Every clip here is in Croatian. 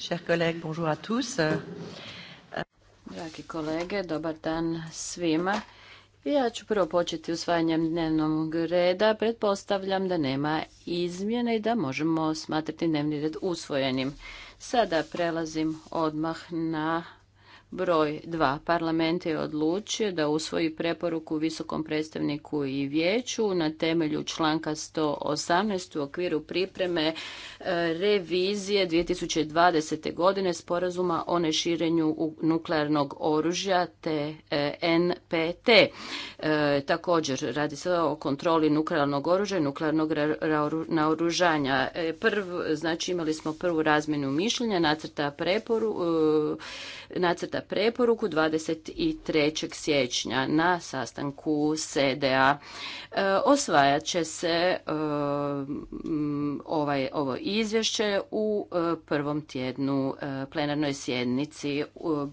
Chers Dragi kolege, dobar dan svima. Ja ću prvo početi usvajanjem dnevnog reda. Pretpostavljam da nema izmjene i da možemo smatrati dnevni red usvojenim. Sada prelazim odmah na Broj 2. Parlament je odlučio da usvoji preporuku visokom predstavniku i vijeću na temelju članka 118 u okviru pripreme e, revizije 2020. godine sporazuma o neširenju nuklearnog oružja te e, NPT. E, također radi se o kontroli nuklearnog oružja i nuklearnog naoružanja. znači imali smo prvu razmjenu mišljenja, nacrta preporu, nacrta preporuku preporuku 23. siječnja na sastanku SEDA. E, osvajat će se e, ovaj, ovo izvješće u e, prvom tjednu plenarnoj sjednici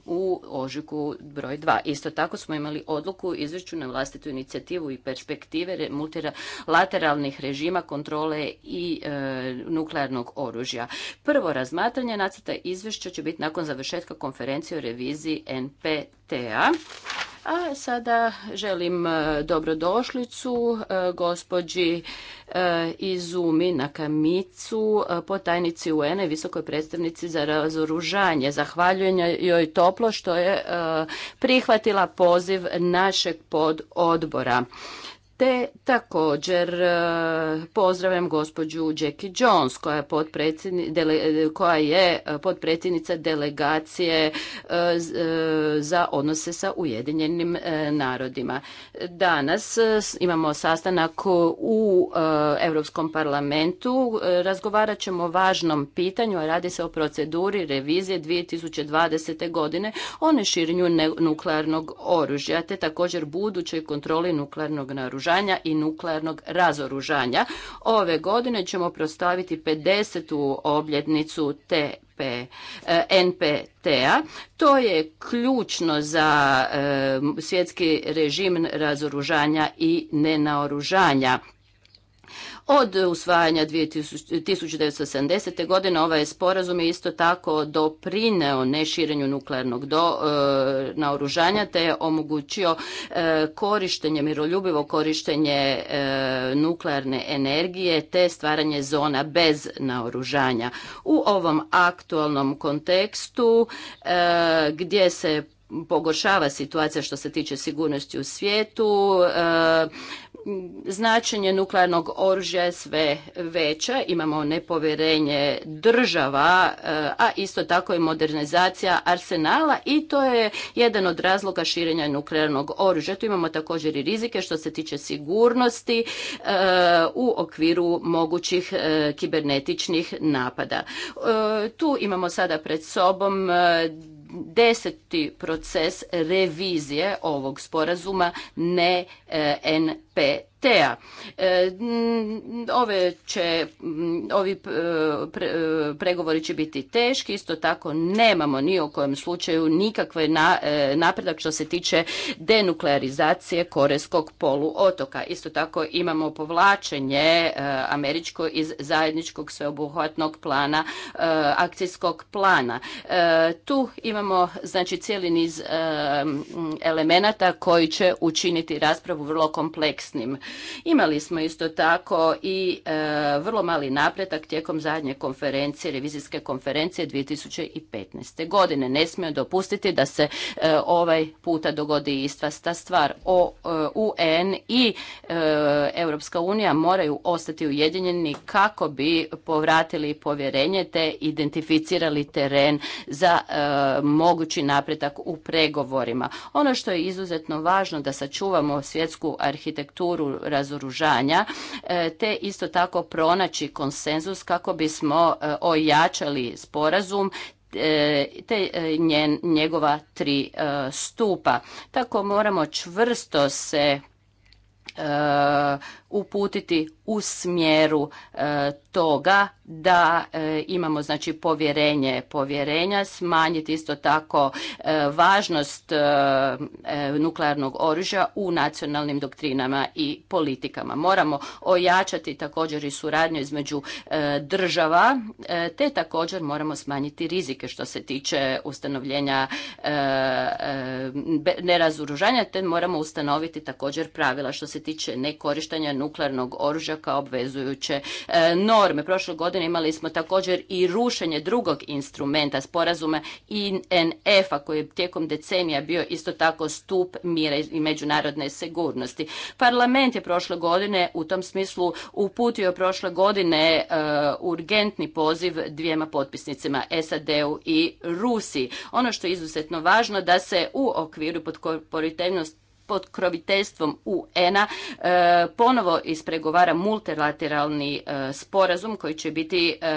u ožiku broj 2. Isto tako smo imali odluku izvješću na vlastitu inicijativu i perspektive multilateralnih režima kontrole i nuklearnog oružja. Prvo razmatranje nacrta izvješća će biti nakon završetka konferencije o reviziji NPT-a. sada želim e, dobrodošlicu e, gospođi e, Izumi Nakamicu, potajnici UN-a i visokoj predstavnici za razoružanje. Zahvaljujem joj toplo što je prihvatila poziv našeg pododbora. Te također e, pozdravljam gospođu Jackie Jones koja je e, potpredsjednica dele, delegacije e, za odnose sa Ujedinjenim narodima. Danas imamo sastanak u Europskom parlamentu. Razgovarat ćemo o važnom pitanju, a radi se o proceduri revizije 2020. godine o neširenju nuklearnog oružja, te također budućoj kontroli nuklearnog naružja razoružanja i nuklearnog razoružanja. Ove godine ćemo prostaviti 50. obljednicu te NPT-a. To je ključno za e, svjetski režim razoružanja i nenaoružanja od usvajanja 1970. godine ovaj sporazum je isto tako doprineo neširenju nuklearnog do, e, naoružanja te je omogućio e, korištenje, miroljubivo korištenje e, nuklearne energije te stvaranje zona bez naoružanja. U ovom aktualnom kontekstu gdje se pogoršava situacija što se tiče sigurnosti u svijetu. E, značenje nuklearnog oružja je sve veća, imamo nepovjerenje država, e, a isto tako i modernizacija arsenala i to je jedan od razloga širenja nuklearnog oružja. Tu imamo također i rizike što se tiče sigurnosti e, u okviru mogućih kibernetičnih napada. Tu imamo sada pred sobom deseti proces revizije ovog sporazuma ne en E, ove će, ovi e, pregovori će biti teški, isto tako nemamo ni u kojem slučaju nikakve e, napredak što se tiče denuklearizacije Korejskog poluotoka. Isto tako imamo povlačenje američko iz zajedničkog sveobuhvatnog plana, akcijskog plana. Tu imamo znači cijeli niz elemenata koji će učiniti raspravu vrlo kompleksnu. Imali smo isto tako i e, vrlo mali napretak tijekom zadnje konferencije, revizijske konferencije 2015. godine. Ne smije dopustiti da se e, ovaj puta dogodi ista stvar. O, e, UN i Europska unija moraju ostati ujedinjeni kako bi povratili povjerenje te identificirali teren za mogući napretak u pregovorima. Ono što je izuzetno važno da sačuvamo svjetsku arhitekturu strukturu razoružanja e, te isto tako pronaći konsenzus kako bismo e, ojačali sporazum e, te njegova tri stupa. Tako moramo čvrsto se uputiti u smjeru toga da e, imamo znači povjerenje povjerenja, smanjiti isto tako e, važnost e, nuklearnog oružja u nacionalnim doktrinama i politikama. Moramo ojačati također i suradnju između država, te također moramo smanjiti rizike što se tiče ustanovljenja nerazoružanja, te moramo ustanoviti također pravila što se tiče nekorištenja nuklearnog oružja kao obvezujuće norme. Prošle godine godine imali smo također i rušenje drugog instrumenta sporazuma INF-a koji je tijekom decenija bio isto tako stup mira i međunarodne sigurnosti. Parlament je prošle godine u tom smislu uputio prošle godine e, urgentni poziv dvijema potpisnicima SAD-u i Rusiji. Ono što je izuzetno važno da se u okviru pod pod kroviteljstvom UN-a e, ponovo ispregovara multilateralni e, sporazum koji će biti e,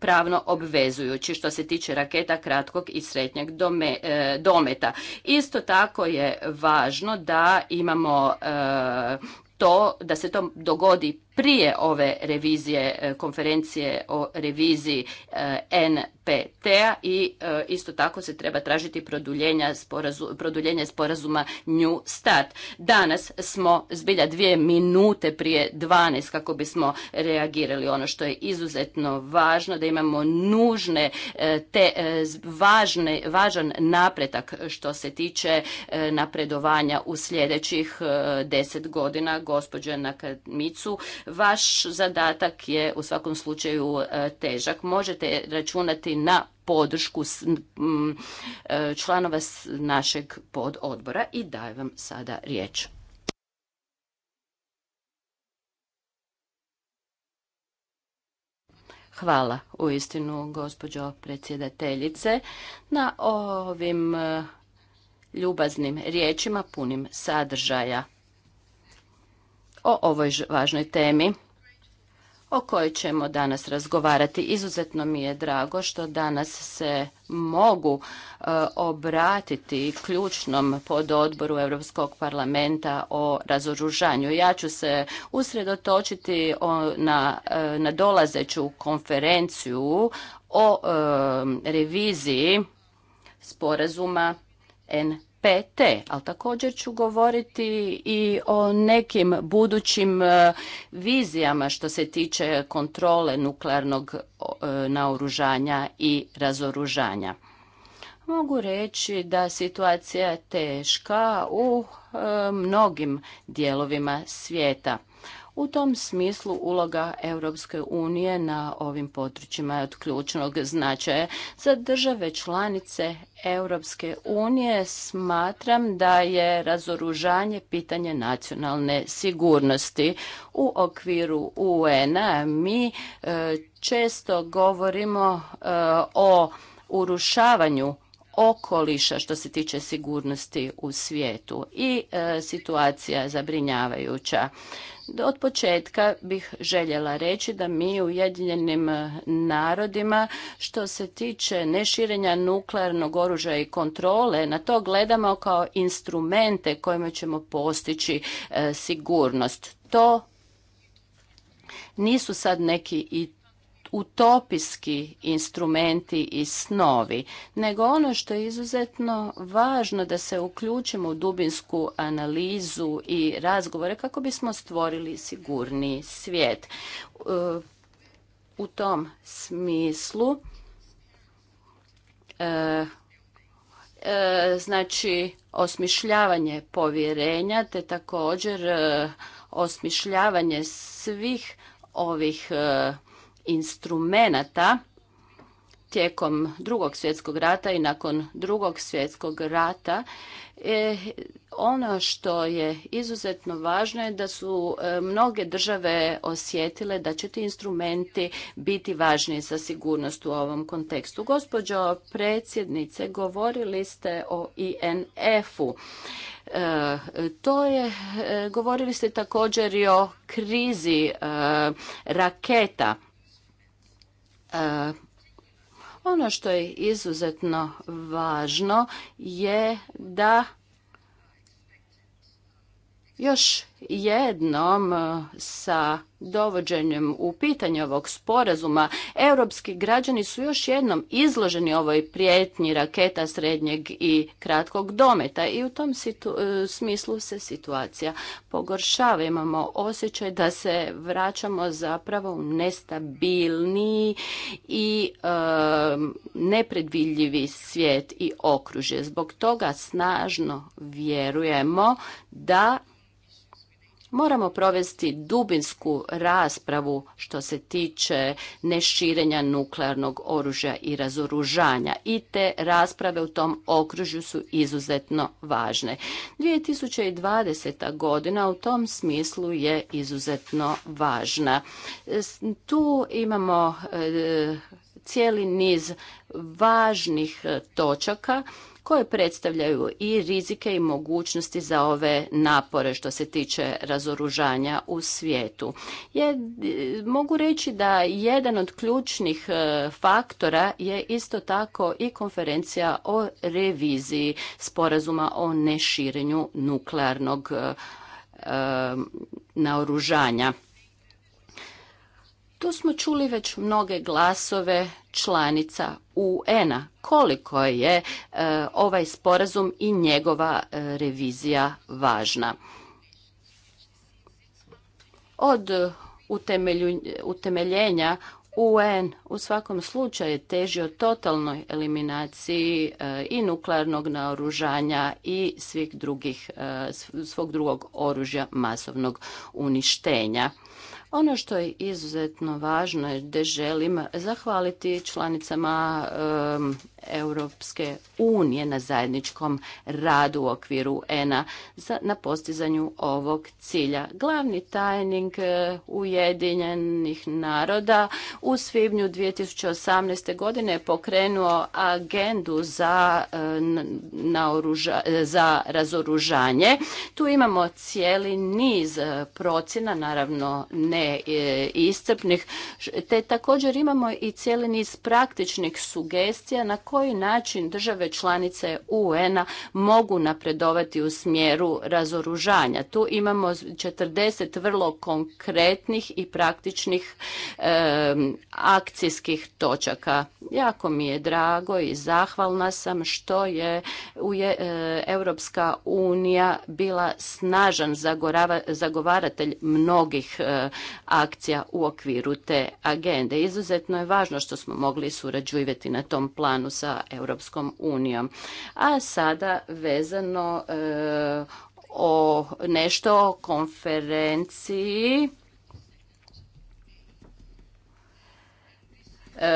pravno obvezujući što se tiče raketa kratkog i srednjeg dometa. Isto tako je važno da imamo to da se to dogodi prije ove revizije e, konferencije o reviziji e, NPT-a i e, isto tako se treba tražiti produljenje sporazuma New Start. Danas smo zbilja dvije minute prije 12 kako bismo reagirali ono što je izuzetno važno da imamo nužne te važne, važan napretak što se tiče napredovanja u sljedećih deset godina gospođe Nakamicu Vaš zadatak je u svakom slučaju e, težak. Možete računati na podršku e, članova našeg pododbora i dajem vam sada riječ. Hvala u istinu, gospođo predsjedateljice, na ovim e, ljubaznim riječima punim sadržaja o ovoj važnoj temi o kojoj ćemo danas razgovarati. Izuzetno mi je drago što danas se mogu e, obratiti ključnom pododboru Europskog parlamenta o razoružanju. Ja ću se usredotočiti na, e, na dolazeću konferenciju o e, reviziji sporazuma N PT, ali također ću govoriti i o nekim budućim e, vizijama što se tiče kontrole nuklearnog e, naoružanja i razoružanja. Mogu reći da situacija je teška u e, mnogim dijelovima svijeta. U tom smislu uloga Europske unije na ovim područjima je od ključnog značaja za države članice Europske unije. Smatram da je razoružanje pitanje nacionalne sigurnosti. U okviru UN-a mi e, često govorimo e, o urušavanju okoliša što se tiče sigurnosti u svijetu i e, situacija zabrinjavajuća. Od početka bih željela reći da mi u Ujedinjenim narodima što se tiče neširenja nuklearnog oružja i kontrole na to gledamo kao instrumente kojima ćemo postići e, sigurnost. To nisu sad neki i utopijski instrumenti i snovi, nego ono što je izuzetno važno da se uključimo u dubinsku analizu i razgovore kako bismo stvorili sigurniji svijet. E, u tom smislu e, e, znači osmišljavanje povjerenja te također osmišljavanje svih ovih instrumenata tijekom drugog svjetskog rata i nakon drugog svjetskog rata e, ono što je izuzetno važno je da su e, mnoge države osjetile da će ti instrumenti biti važni za sigurnost u ovom kontekstu. Gospođo predsjednice, govorili ste o INF-u. E, to je, govorili ste također i o krizi raketa E, ono što je izuzetno važno je da još jednom sa dovođenjem u pitanje ovog sporazuma, europski građani su još jednom izloženi ovoj prijetnji raketa srednjeg i kratkog dometa i u tom e, smislu se situacija pogoršava. Imamo osjećaj da se vraćamo zapravo u nestabilni i e, nepredvidljivi svijet i okružje. Zbog toga snažno vjerujemo da Moramo provesti dubinsku raspravu što se tiče neširenja nuklearnog oružja i razoružanja i te rasprave u tom okružju su izuzetno važne. 2020. godina u tom smislu je izuzetno važna. Tu imamo e, cijeli niz važnih točaka koje predstavljaju i rizike i mogućnosti za ove napore što se tiče razoružanja u svijetu. Je, mogu reći da jedan od ključnih e, faktora je isto tako i konferencija o reviziji sporazuma o neširenju nuklearnog e, e, naoružanja. Tu smo čuli već mnoge glasove članica UN-a koliko je e, ovaj sporazum i njegova e, revizija važna. Od utemeljenja UN u svakom slučaju teži o totalnoj eliminaciji e, i nuklearnog naoružanja i svih drugih, svog drugog oružja masovnog uništenja. Ono što je izuzetno važno je da želim zahvaliti članicama Europske unije na zajedničkom radu u okviru ENA na postizanju ovog cilja. Glavni tajnik e, Ujedinjenih naroda u svibnju 2018. godine je pokrenuo agendu za, e, e, za razoružanje. Tu imamo cijeli niz procjena, naravno ne iscrpnih, te također imamo i cijeli niz praktičnih sugestija na koje koji način države članice UN-a mogu napredovati u smjeru razoružanja. Tu imamo 40 vrlo konkretnih i praktičnih akcijskih točaka. Jako mi je drago i zahvalna sam što je e, Europska unija bila snažan zagovaratelj mnogih e, akcija u okviru te agende. Izuzetno je važno što smo mogli surađivati na tom planu sa sa Europskom unijom. A sada vezano e, o nešto o konferenciji e,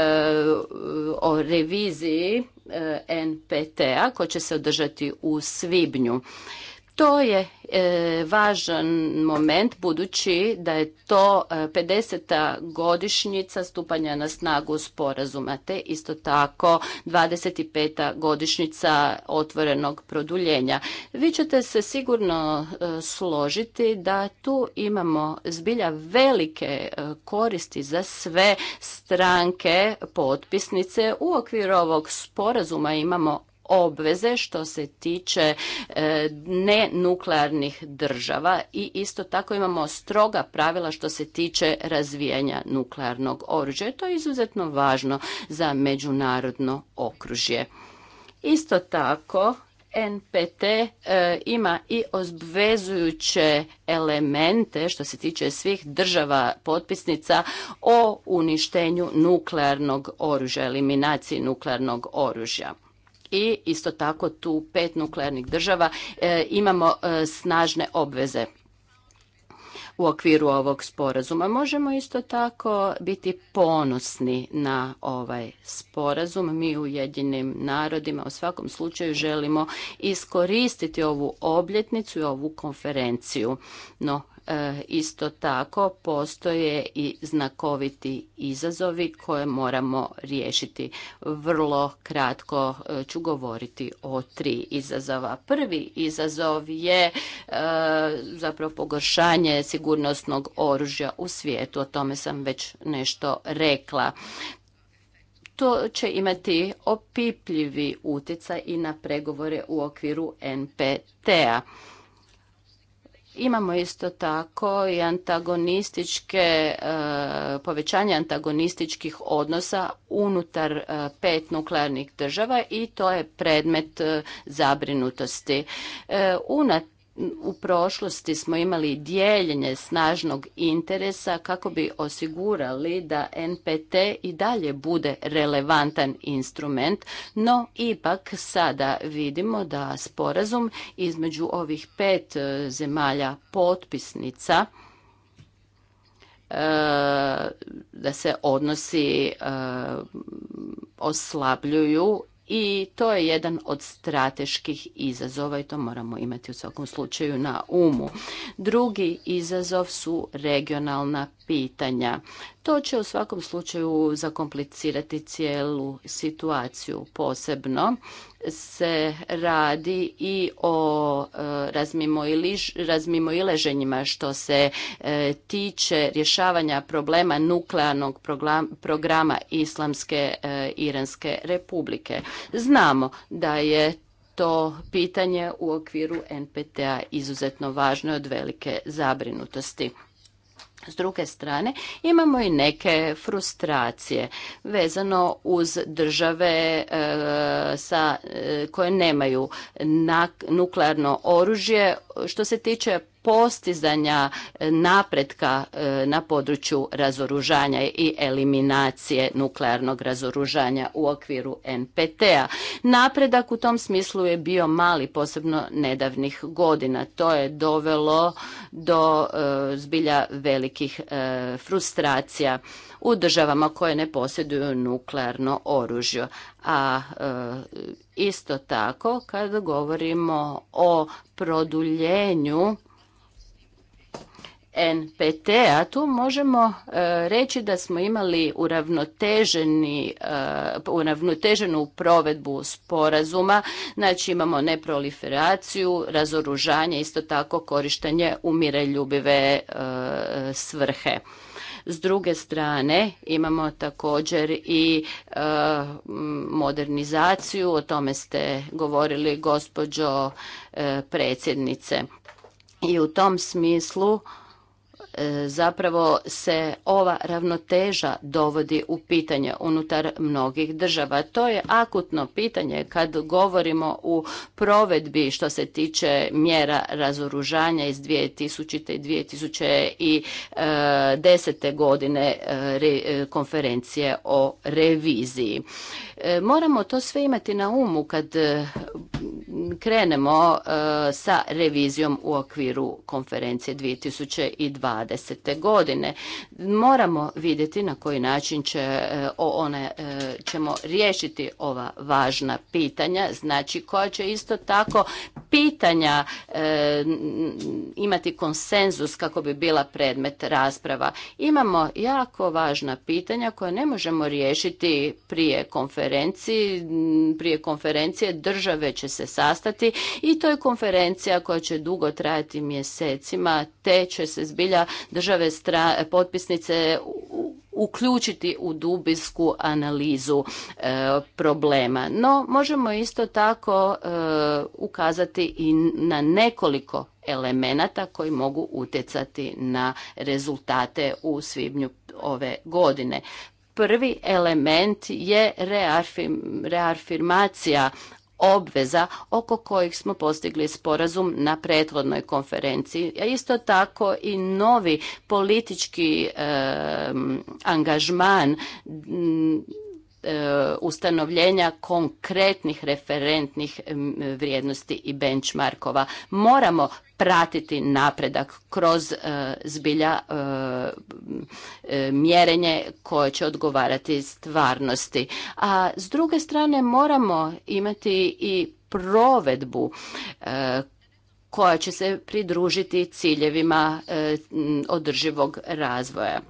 o reviziji e, NPT-a koja će se održati u svibnju. To je e, važan moment budući da je to 50. E, godišnjica stupanja na snagu sporazuma te isto tako 25. godišnjica otvorenog produljenja. Vi ćete se sigurno e, složiti da tu imamo zbilja velike koristi za sve stranke potpisnice. U okviru ovog sporazuma imamo obveze što se tiče e, nenuklearnih država i isto tako imamo stroga pravila što se tiče razvijanja nuklearnog oružja. To je izuzetno važno za međunarodno okružje. Isto tako, NPT e, ima i obvezujuće elemente što se tiče svih država potpisnica o uništenju nuklearnog oružja, eliminaciji nuklearnog oružja i isto tako tu pet nuklearnih država e, imamo e, snažne obveze u okviru ovog sporazuma. Možemo isto tako biti ponosni na ovaj sporazum. Mi u Jedinim narodima u svakom slučaju želimo iskoristiti ovu obljetnicu i ovu konferenciju. No, E, isto tako postoje i znakoviti izazovi koje moramo riješiti. Vrlo kratko e, ću govoriti o tri izazova. Prvi izazov je e, zapravo pogoršanje sigurnosnog oružja u svijetu. O tome sam već nešto rekla to će imati opipljivi utjecaj i na pregovore u okviru NPT-a. Imamo isto tako i antagonističke, e, povećanje antagonističkih odnosa unutar e, pet nuklearnih država i to je predmet e, zabrinutosti. Unat u prošlosti smo imali dijeljenje snažnog interesa kako bi osigurali da NPT i dalje bude relevantan instrument, no ipak sada vidimo da sporazum između ovih pet e, zemalja potpisnica e, da se odnosi e, oslabljuju i to je jedan od strateških izazova i to moramo imati u svakom slučaju na umu. Drugi izazov su regionalna pitanja. To će u svakom slučaju zakomplicirati cijelu situaciju. Posebno se radi i o e, razmimoileženjima što se e, tiče rješavanja problema nuklearnog programa Islamske e, Iranske republike. Znamo da je to pitanje u okviru NPT-a izuzetno važno i od velike zabrinutosti. S druge strane imamo i neke frustracije vezano uz države e, sa, e, koje nemaju nuklearno oružje. Što se tiče postizanja e, napretka e, na području razoružanja i eliminacije nuklearnog razoružanja u okviru NPT-a. Napredak u tom smislu je bio mali, posebno nedavnih godina. To je dovelo do e, zbilja velikih frustracija u državama koje ne posjeduju nuklearno oružje. A isto tako kada govorimo o produljenju NPT-a tu možemo e, reći da smo imali uravnoteženi, e, uravnoteženu provedbu sporazuma, znači imamo neproliferaciju, razoružanje, isto tako korištenje umireljubive e, svrhe. S druge strane imamo također i modernizaciju, o tome ste govorili gospođo predsjednice. I u tom smislu E, zapravo se ova ravnoteža dovodi u pitanje unutar mnogih država. To je akutno pitanje kad govorimo u provedbi što se tiče mjera razoružanja iz 2000. i 2010. E, godine e, konferencije o reviziji. Moramo to sve imati na umu kad krenemo sa revizijom u okviru konferencije 2020 2020. godine. Moramo vidjeti na koji način će e, one, e, ćemo riješiti ova važna pitanja, znači koja će isto tako pitanja e, imati konsenzus kako bi bila predmet rasprava. Imamo jako važna pitanja koja ne možemo riješiti prije konferenciji, prije konferencije države će se sastati i to je konferencija koja će dugo trajati mjesecima, te će se zbilja države stra, potpisnice uključiti u dubinsku analizu e, problema. No, možemo isto tako e, ukazati i na nekoliko elemenata koji mogu utjecati na rezultate u svibnju ove godine. Prvi element je reafirmacija obveza oko kojih smo postigli sporazum na prethodnoj konferenciji. A isto tako i novi politički angažman E, ustanovljenja konkretnih referentnih vrijednosti i benchmarkova. Moramo pratiti napredak kroz e, zbilja e, mjerenje koje će odgovarati stvarnosti. A s druge strane moramo imati i provedbu koja će se pridružiti ciljevima održivog razvoja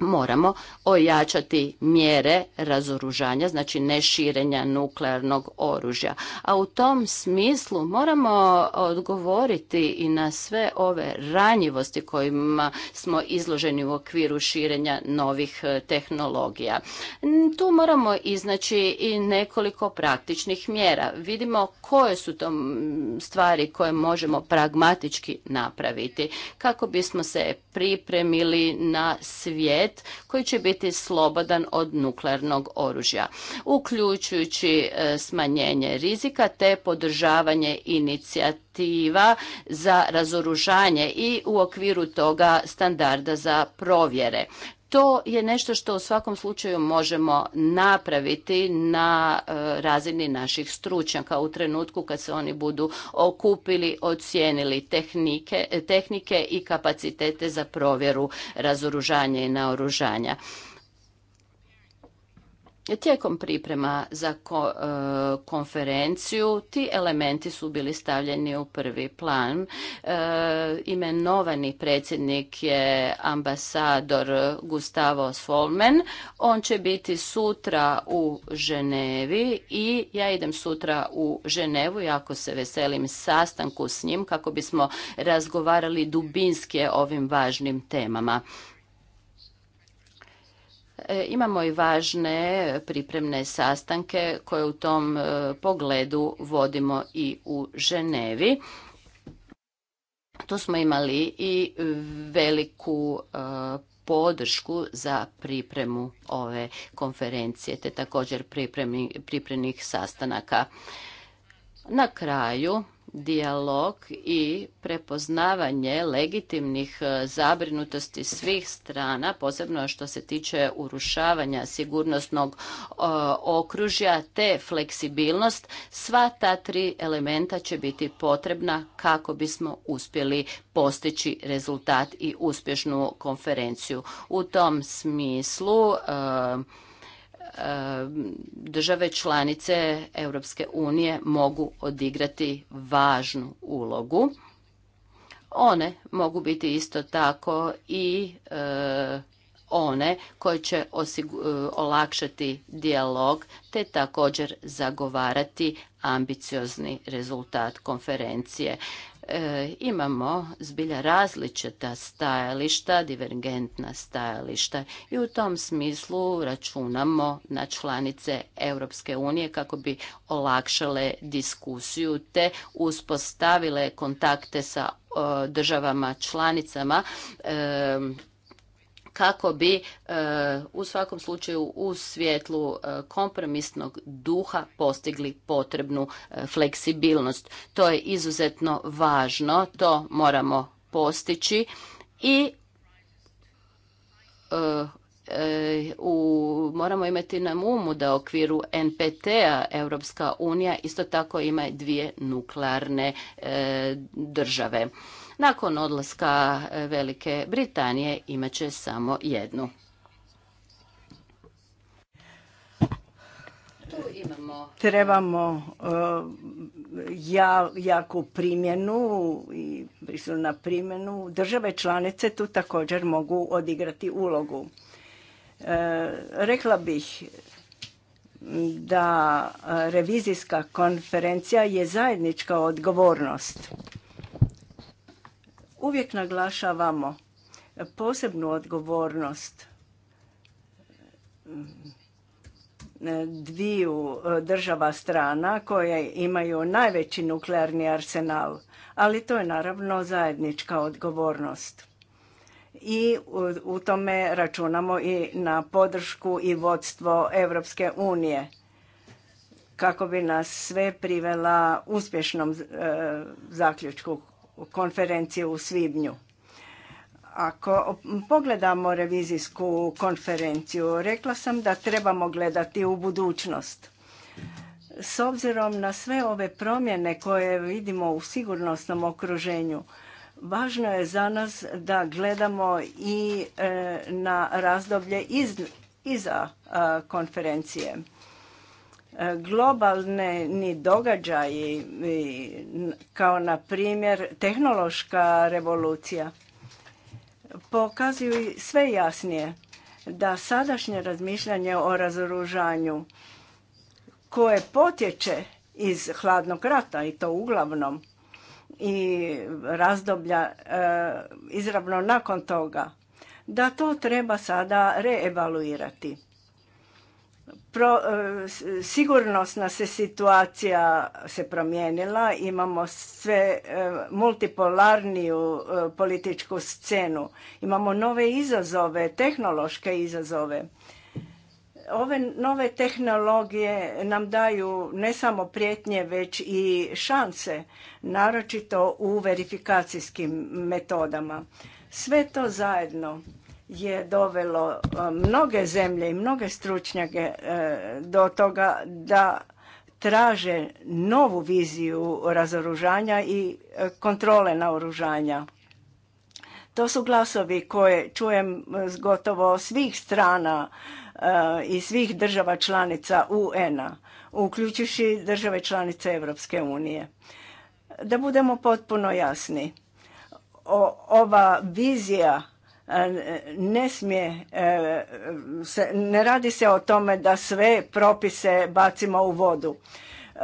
moramo ojačati mjere razoružanja, znači ne širenja nuklearnog oružja. A u tom smislu moramo odgovoriti i na sve ove ranjivosti kojima smo izloženi u okviru širenja novih e, tehnologija. Tu moramo iznaći i nekoliko praktičnih mjera. Vidimo koje su to stvari koje možemo pragmatički napraviti kako bismo se pripremili na svijet svijet koji će biti slobodan od nuklearnog oružja, uključujući e, smanjenje rizika te podržavanje inicijativa za razoružanje i u okviru toga standarda za provjere to je nešto što u svakom slučaju možemo napraviti na e, razini naših stručnjaka u trenutku kad se oni budu okupili, ocijenili tehnike, tehnike i kapacitete za provjeru razoružanja i naoružanja. Tijekom priprema za e, konferenciju ti elementi su bili stavljeni u prvi plan. E, imenovani predsjednik je ambasador Gustavo Solmen. On će biti sutra u Ženevi i ja idem sutra u Ženevu. Jako se veselim sastanku s njim kako bismo razgovarali dubinske ovim važnim temama. E, imamo i važne pripremne sastanke koje u tom e, pogledu vodimo i u Ženevi. Tu smo imali i veliku e, podršku za pripremu ove konferencije, te također pripremnih sastanaka. Na kraju dijalog i prepoznavanje legitimnih e, zabrinutosti svih strana, posebno što se tiče urušavanja sigurnosnog e, okružja te fleksibilnost, sva ta tri elementa će biti potrebna kako bismo uspjeli postići rezultat i uspješnu konferenciju. U tom smislu e, E, države članice Europske unije mogu odigrati važnu ulogu. One mogu biti isto tako i e, one koje će e, olakšati dijalog te također zagovarati ambiciozni rezultat konferencije. E, imamo zbilja različita stajališta, divergentna stajališta i u tom smislu računamo na članice Europske unije kako bi olakšale diskusiju te uspostavile kontakte sa e, državama članicama e, kako bi e, u svakom slučaju u svjetlu e, kompromisnog duha postigli potrebnu e, fleksibilnost. To je izuzetno važno, to moramo postići i moramo imati na umu da u okviru NPT-a Europska unija isto tako ima dvije nuklearne države. Nakon odlaska e, Velike Britanije će samo jednu. E, Trebamo e, jaku primjenu i na primjenu. Države članice tu također mogu odigrati ulogu. rekla bih da revizijska konferencija je zajednička odgovornost Uvijek naglašavamo posebnu odgovornost mm, dviju e, država strana koje imaju najveći nuklearni arsenal, ali to je naravno zajednička odgovornost. I u tome računamo i na podršku i vodstvo Europske unije kako bi nas sve privela uspješnom e, zaključku konferencije u Svibnju. Ako pogledamo revizijsku konferenciju, rekla sam da trebamo gledati u budućnost. S obzirom na sve ove promjene koje vidimo u sigurnosnom okruženju, važno je za nas da gledamo i e, na razdoblje iza konferencije globalne ni događaji kao na primjer tehnološka revolucija pokazuju sve jasnije da sadašnje razmišljanje o razoružanju koje potječe iz hladnog rata i to uglavnom i razdoblja e, izravno nakon toga da to treba sada reevaluirati E, sigurnosna se situacija se promijenila, imamo sve e, multipolarniju e, političku scenu, imamo nove izazove, tehnološke izazove. Ove nove tehnologije nam daju ne samo prijetnje, već i šanse, naročito u verifikacijskim metodama. Sve to zajedno je dovelo e, mnoge zemlje i mnoge stručnjake e, do toga da traže novu viziju razoružanja i e, kontrole naoružanja. To su glasovi koje čujem s gotovo svih strana i svih država članica UN-a, uključujući države članice Europske unije. Da budemo potpuno jasni, ova vizija ne smije, e, se, ne radi se o tome da sve propise bacimo u vodu. E,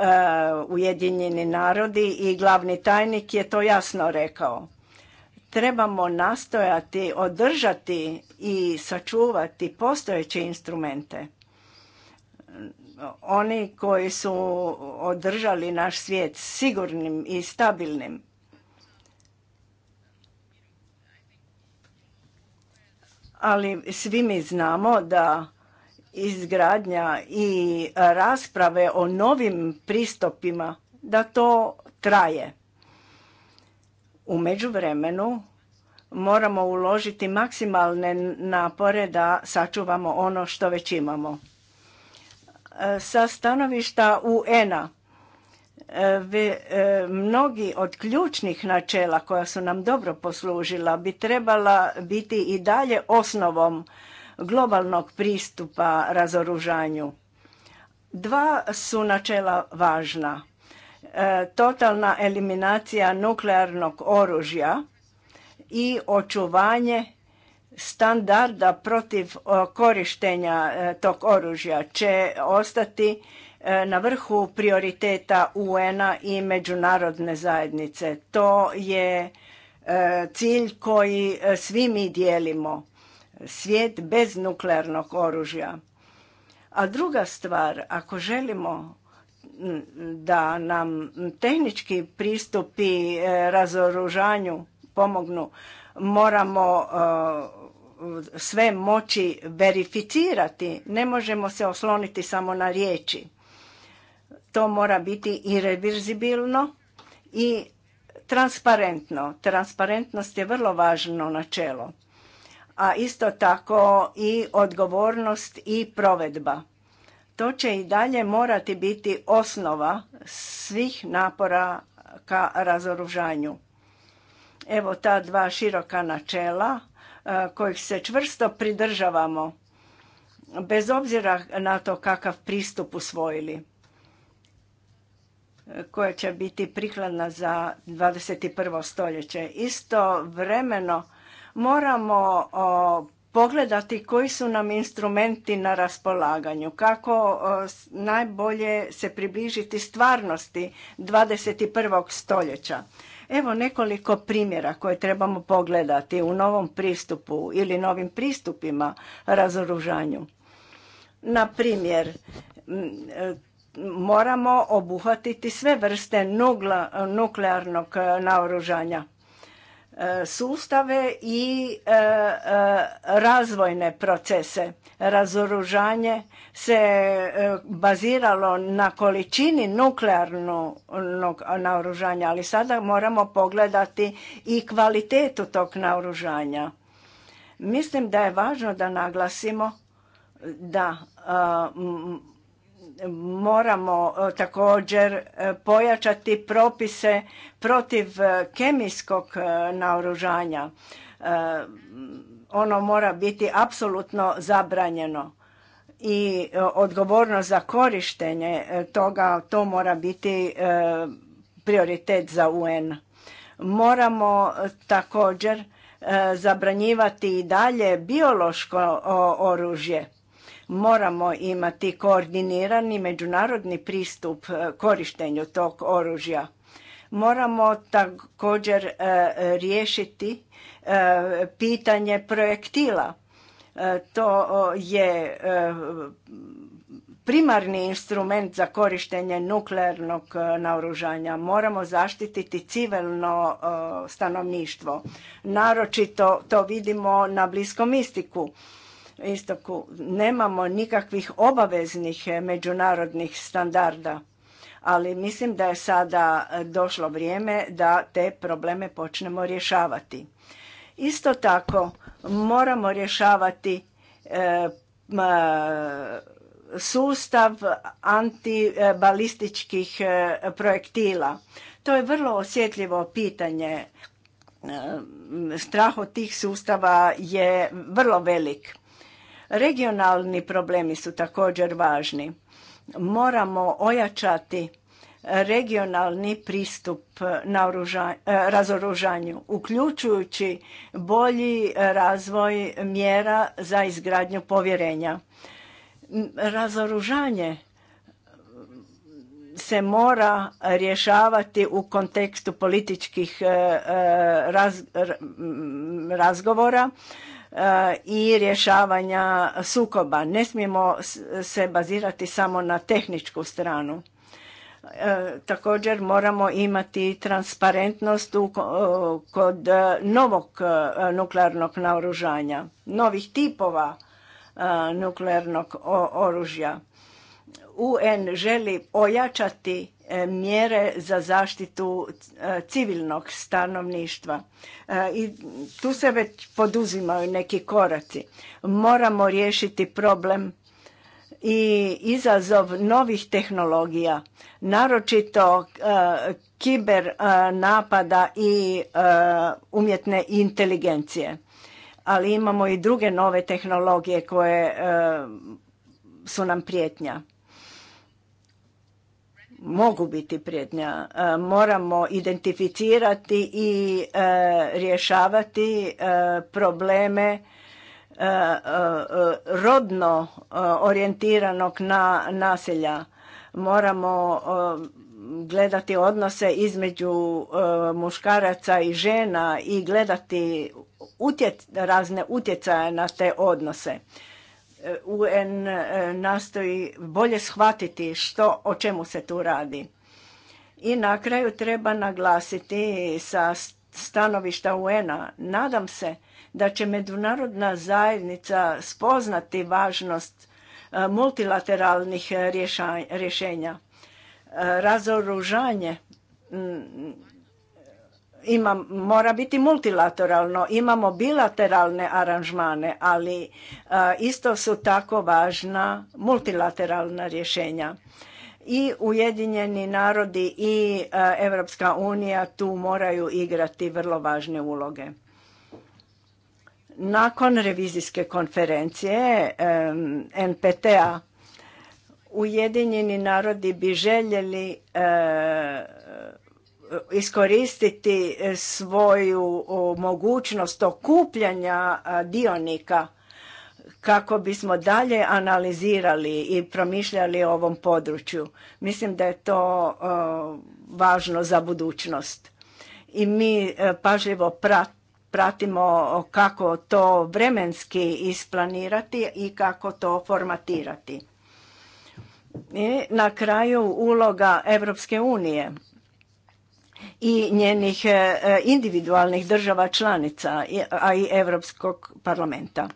Ujedinjeni narodi i glavni tajnik je to jasno rekao. Trebamo nastojati održati i sačuvati postojeće instrumente. Oni koji su održali naš svijet sigurnim i stabilnim ali svi mi znamo da izgradnja i rasprave o novim pristupima da to traje. U međuvremenu moramo uložiti maksimalne napore da sačuvamo ono što već imamo. E, sa stanovišta UN-a E, e, mnogi od ključnih načela koja su nam dobro poslužila bi trebala biti i dalje osnovom globalnog pristupa razoružanju. Dva su načela važna. E, totalna eliminacija nuklearnog oružja i očuvanje standarda protiv korištenja tog oružja će ostati E, na vrhu prioriteta UN-a i međunarodne zajednice. To je e, cilj koji e, svi mi dijelimo. Svijet bez nuklearnog oružja. A druga stvar, ako želimo da nam tehnički pristupi razoružanju pomognu, moramo sve moći verificirati. Ne možemo se osloniti samo na riječi. To mora biti i revizibilno i transparentno. Transparentnost je vrlo važno načelo. A isto tako i odgovornost i provedba. To će i dalje morati biti osnova svih napora ka razoružanju. Evo ta dva široka načela e, kojih se čvrsto pridržavamo bez obzira na to kakav pristup usvojili koja će biti prikladna za 21. stoljeće. Isto vremeno moramo pogledati koji su nam instrumenti na raspolaganju, kako najbolje se približiti stvarnosti 21. stoljeća. Evo nekoliko primjera koje trebamo pogledati u novom pristupu ili novim pristupima razoružanju. Na primjer, moramo obuhvatiti sve vrste nuklearnog e, naoružanja e, sustave i e, razvojne procese. Razoružanje se baziralo na količini nuklearnog naoružanja, ali sada moramo pogledati i kvalitetu tog naoružanja. Mislim da je važno da naglasimo da moramo e, također e, pojačati propise protiv e, kemijskog naoružanja. Ono mora biti apsolutno zabranjeno i odgovornost za korištenje toga, to mora biti prioritet za UN. Moramo također zabranjivati i dalje biološko oružje Moramo imati koordinirani međunarodni pristup e, korištenju tog oružja. Moramo također e, riješiti e, pitanje projektila. To je primarni instrument za korištenje nuklearnog naoružanja. Moramo zaštititi civilno stanovništvo. Naročito to vidimo na Bliskom istiku istoku nemamo nikakvih obaveznih eh, međunarodnih standarda, ali mislim da je sada eh, došlo vrijeme da te probleme počnemo rješavati. Isto tako moramo rješavati eh, sustav antibalističkih projektila. To je vrlo osjetljivo pitanje. Strah od tih sustava je vrlo velik. Regionalni problemi su također važni. Moramo ojačati regionalni pristup oruža, eh, razoružanju, uključujući bolji razvoj mjera za izgradnju povjerenja. Razoružanje se mora rješavati u kontekstu političkih eh, eh, razgovora Eh, i rješavanja sukoba. Ne smijemo se bazirati samo na tehničku stranu. Eh, također moramo imati transparentnost eh, kod novog nuklearnog naoružanja, novih tipova nuklearnog oružja. UN želi ojačati E, mjere za zaštitu e, civilnog stanovništva. E, I tu se već poduzimaju neki koraci. Moramo riješiti problem i izazov novih tehnologija, naročito kiber napada i umjetne inteligencije. Ali imamo i druge nove tehnologije koje su nam prijetnja mogu biti prijetnja. E, moramo identificirati i e, rješavati e, probleme rodno orijentiranog na naselja. Moramo gledati odnose između muškaraca i žena i gledati razne utjecaje na te odnose. UN e, nastoji bolje shvatiti što, o čemu se tu radi. I na kraju treba naglasiti sa stanovišta UN-a. Nadam se da će međunarodna zajednica spoznati važnost e, multilateralnih rješenja. E, razoružanje ima, mora biti multilateralno, imamo bilateralne aranžmane, ali e, isto su tako važna multilateralna rješenja. I Ujedinjeni narodi i Europska unija tu moraju igrati vrlo važne uloge. Nakon revizijske konferencije e, NPT-a Ujedinjeni narodi bi željeli e, iskoristiti e, svoju mogućnost okupljanja e, dionika kako bismo dalje analizirali i promišljali o ovom području. Mislim da je to e, važno za budućnost. I mi pažljivo pratimo kako to vremenski isplanirati i kako to formatirati. I na kraju uloga Europske unije i njenih e, e, individualnih država članica, a i Europskog parlamenta.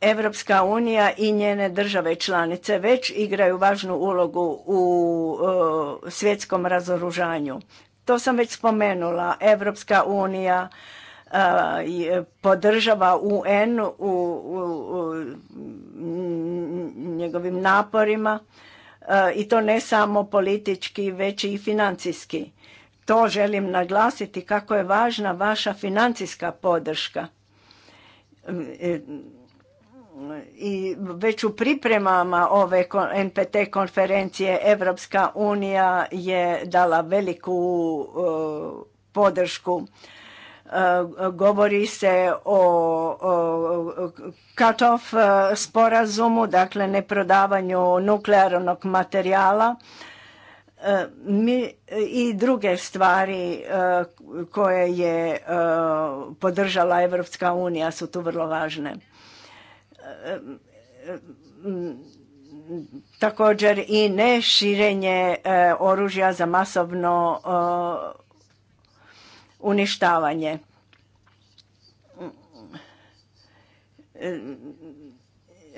Europska unija i njene države članice već igraju važnu ulogu u e, svjetskom razoružanju. To sam već spomenula. Europska unija podržava UN u njegovim naporima E, i to ne samo politički već i financijski. To želim naglasiti kako je važna vaša financijska podrška e, e, i već u pripremama ove NPT konferencije Evropska unija je dala veliku podršku govori se o cut-off e, sporazumu, dakle ne prodavanju nuklearnog materijala e, i druge stvari e, koje je podržala Evropska unija su tu vrlo važne. Također i ne širenje oružja za masovno uništavanje.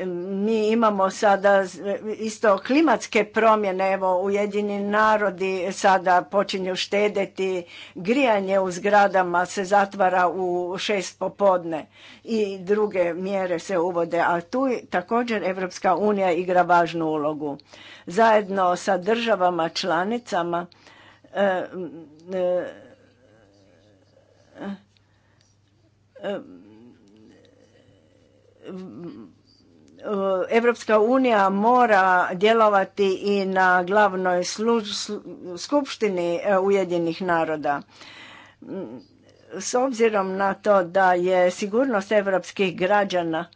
Mi imamo sada isto klimatske promjene, evo Ujedinjeni narodi sada počinju štedjeti, grijanje u zgradama se zatvara u šest popodne i druge mjere se uvode, a tu također Evropska unija igra važnu ulogu. Zajedno sa državama članicama e, e, Evropska unija mora djelovati i na glavnoj skupštini e, Ujedinih naroda. S obzirom na to da je sigurnost evropskih građana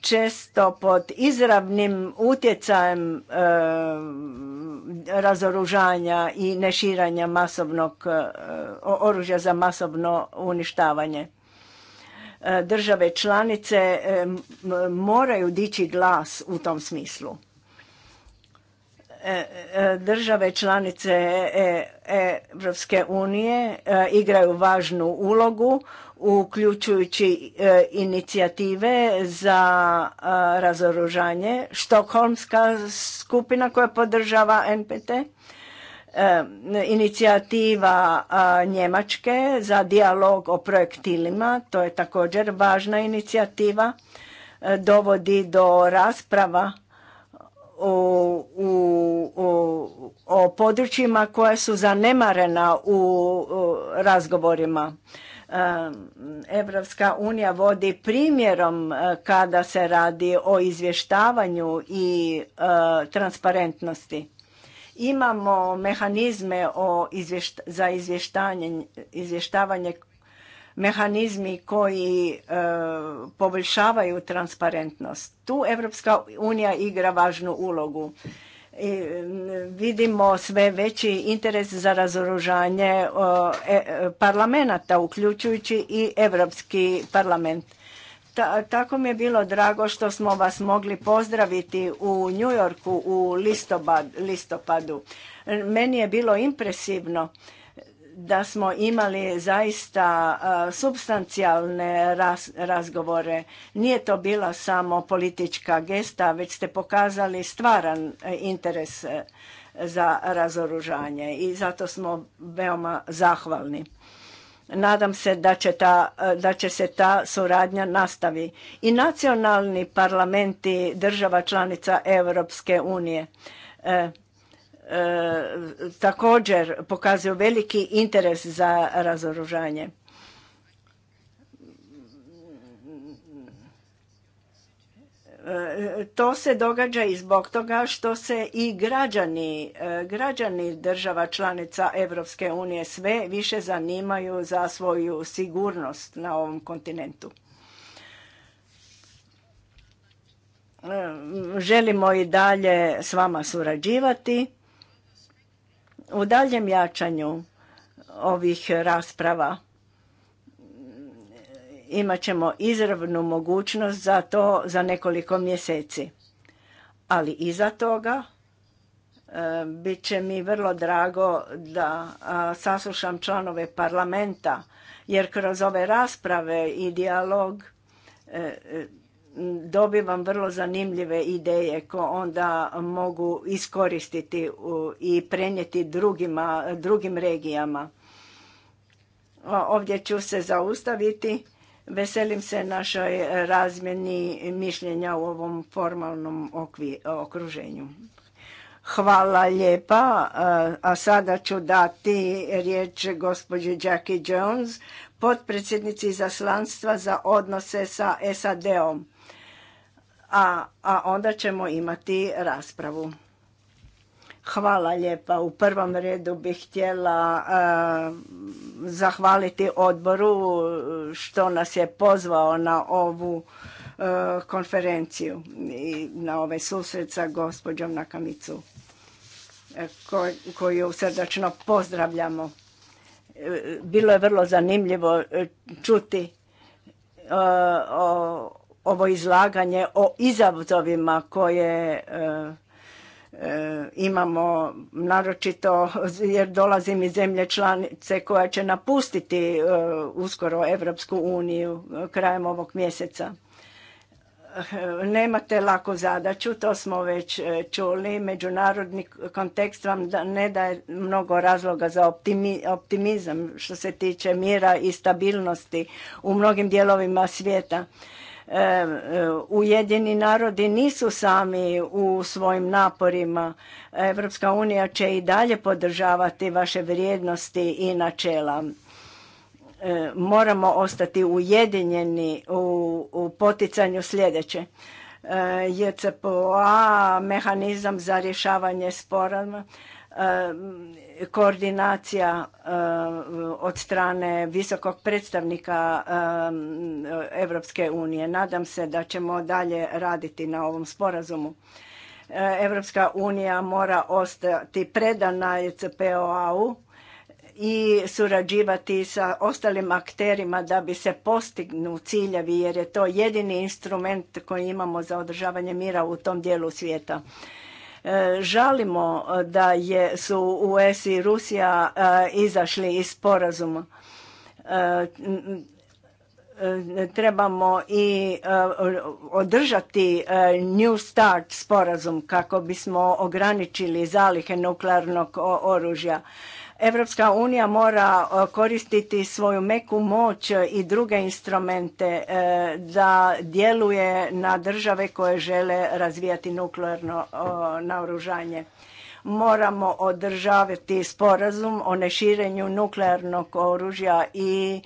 često pod izravnim utjecajem e, razoružanja i neširanja masovnog e, oružja za masovno uništavanje. E, države članice e, moraju dići glas u tom smislu. E, države članice Evropske unije igraju važnu ulogu uključujući inicijative za razoružanje. Štokholmska skupina koja podržava NPT inicijativa Njemačke za dijalog o projektilima, to je također važna inicijativa, e, dovodi do rasprava o, o područjima koja su zanemarena u, u razgovorima. Evropska unija vodi primjerom e, kada se radi o izvještavanju i e, transparentnosti. Imamo mehanizme o za izvještavanje mehanizmi koji e, poboljšavaju transparentnost. Tu Evropska unija igra važnu ulogu. vidimo sve veći interes za razoružanje e, e parlamenta, uključujući i Europski parlament tako mi je bilo drago što smo vas mogli pozdraviti u New Yorku u listopadu. Meni je bilo impresivno da smo imali zaista substancijalne razgovore. Nije to bila samo politička gesta, već ste pokazali stvaran e, interes e, za razoružanje i zato smo veoma zahvalni. Nadam se da će, ta, da će se ta suradnja nastavi. I nacionalni parlamenti država članica Europske unije e, e, također pokazuju veliki interes za razoružanje. To se događa i zbog toga što se i građani, e, građani država članica Europske unije sve više zanimaju za svoju sigurnost na ovom kontinentu. E, želimo i dalje s vama surađivati u daljem jačanju ovih rasprava imat ćemo izravnu mogućnost za to za nekoliko mjeseci. Ali iza toga e, bit će mi vrlo drago da saslušam članove parlamenta, jer kroz ove rasprave i dijalog e, e, dobivam vrlo zanimljive ideje ko onda mogu iskoristiti i prenijeti drugim regijama. Ovdje ću se zaustaviti Veselim se našoj razmjeni mišljenja u ovom formalnom okruženju. Hvala lijepa, a sada ću dati riječ gospođi Jackie Jones, potpredsjednici zaslanstva za odnose sa SAD-om. A, a onda ćemo imati raspravu. Hvala lijepa. U prvom redu bih htjela e, zahvaliti odboru što nas je pozvao na ovu e, konferenciju i na ovaj susret sa gospođom Nakamicu e, koju srdačno pozdravljamo. Bilo je vrlo zanimljivo čuti ovo izlaganje o izazovima koje E, imamo naročito jer dolazim iz zemlje članice koja će napustiti e, uskoro Evropsku uniju e, krajem ovog mjeseca. Nemate lako zadaću, to smo već čuli. Međunarodni kontekst vam ne daje mnogo razloga za optimizam što se tiče mira i stabilnosti u mnogim dijelovima svijeta. Ujedini narodi nisu sami u svojim naporima. Evropska unija će i dalje podržavati vaše vrijednosti i načela. Moramo ostati ujedinjeni u, poticanju sljedeće. JCPOA, mehanizam za rješavanje sporama, koordinacija eh, od strane visokog predstavnika Europske unije. Nadam se da ćemo dalje raditi na ovom sporazumu. Europska eh, unija mora ostati predana CPOA-u i surađivati sa ostalim akterima da bi se postignu ciljevi jer je to jedini instrument koji imamo za održavanje mira u tom dijelu svijeta. E, žalimo e, da je, su US i Rusija e, izašli iz sporazuma. Trebamo i održati New Start sporazum kako bismo ograničili zalihe nuklearnog oružja Evropska unija mora e, koristiti svoju meku moć i druge instrumente e, da djeluje na države koje žele razvijati nuklearno e, naoružanje. Moramo održavati sporazum o neširenju nuklearnog oružja i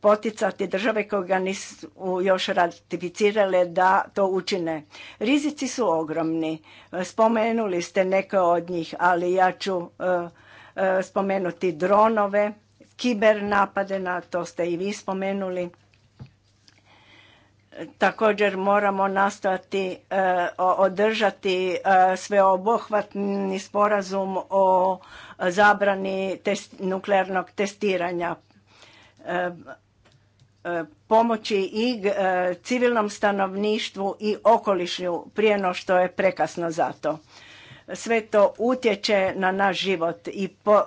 poticati države koje ga nisu još ratificirale da to učine. Rizici su ogromni. Spomenuli ste neke od njih, ali ja ću E, spomenuti dronove, kiber napade, na to ste i vi spomenuli. E, također moramo nastojati e, održati sveobuhvatni sporazum o zabrani nuklearnog testiranja pomoći i civilnom stanovništvu i okolišu prije no što je prekasno za to. Sve to utječe na naš život i po,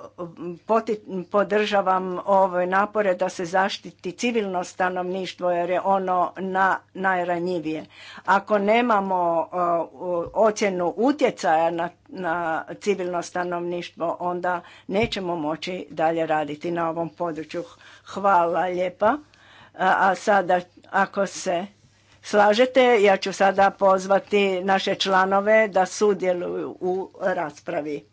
podržavam ove napore da se zaštiti civilno stanovništvo jer je ono na, najranjivije. Ako nemamo uh, ocjenu utjecaja na, na civilno stanovništvo, onda nećemo moći dalje raditi na ovom području. Hvala lijepa. a sada ako se slažete, ja ću sada pozvati naše članove da sudjeluju u raspravi.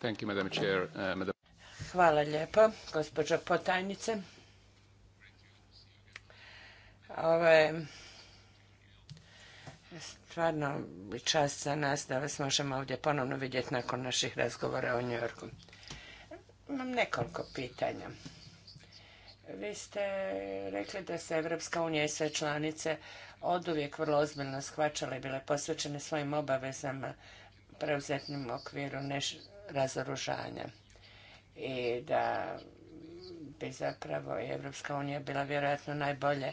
Uh, Hvala lijepo, gospođo potajnice. Ovo je stvarno čast za nas da vas možemo ovdje ponovno vidjeti nakon naših razgovora o Njorku. Imam nekoliko pitanja. Vi ste rekli da se Evropska unija i sve članice oduvijek vrlo ozbiljno shvaćale i bile posvećene svojim obavezama preuzetnim okviru razoružanja i da bi zapravo Evropska unija bila vjerojatno najbolje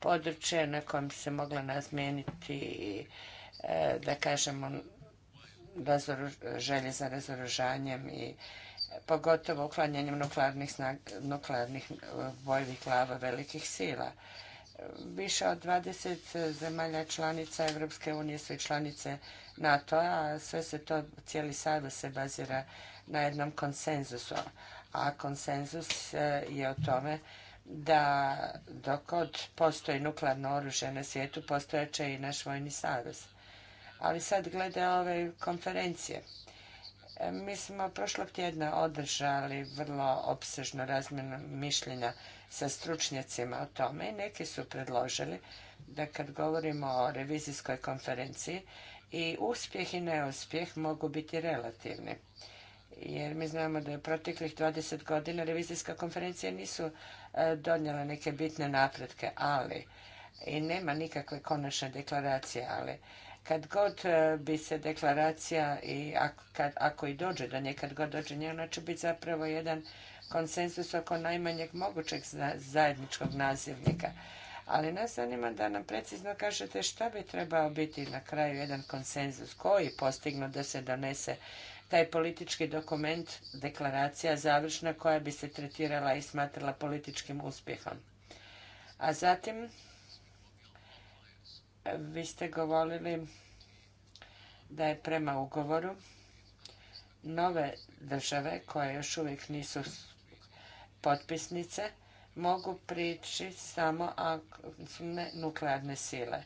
područje na kojem se mogla nazmijeniti i e, da kažemo želje za razoružanjem i pogotovo uklanjanjem nuklearnih, snag, nuklearnih e, vojnih glava velikih sila. Više od 20 zemalja članica Europske unije su i članice NATO-a, a sve se to, cijeli savez se bazira na jednom konsenzusu. A konsenzus e, je o tome da dok god postoji nuklearno oružje na svijetu, postojeće i naš vojni savez. Ali sad glede ove konferencije mi smo prošlog tjedna održali vrlo opsežnu razmjenu mišljenja sa stručnjacima o tome i neki su predložili da kad govorimo o revizijskoj konferenciji i uspjeh i neuspjeh mogu biti relativni. Jer mi znamo da je proteklih 20 godina revizijska konferencija nisu e, donijela neke bitne napretke, ali i nema nikakve konačne deklaracije, ali kad god e, bi se deklaracija i ako, i dođe do nje, kad god dođe nje, ona će biti zapravo jedan konsensus oko najmanjeg mogućeg zajedničkog nazivnika. Ali nas zanima da nam precizno kažete šta bi trebao biti na kraju jedan konsenzus koji postignu da se donese taj politički dokument, deklaracija završna koja bi se tretirala i smatrala političkim uspjehom. A zatim vi ste govorili da je prema ugovoru nove države koje još uvijek nisu potpisnice mogu prići samo nuklearne sile.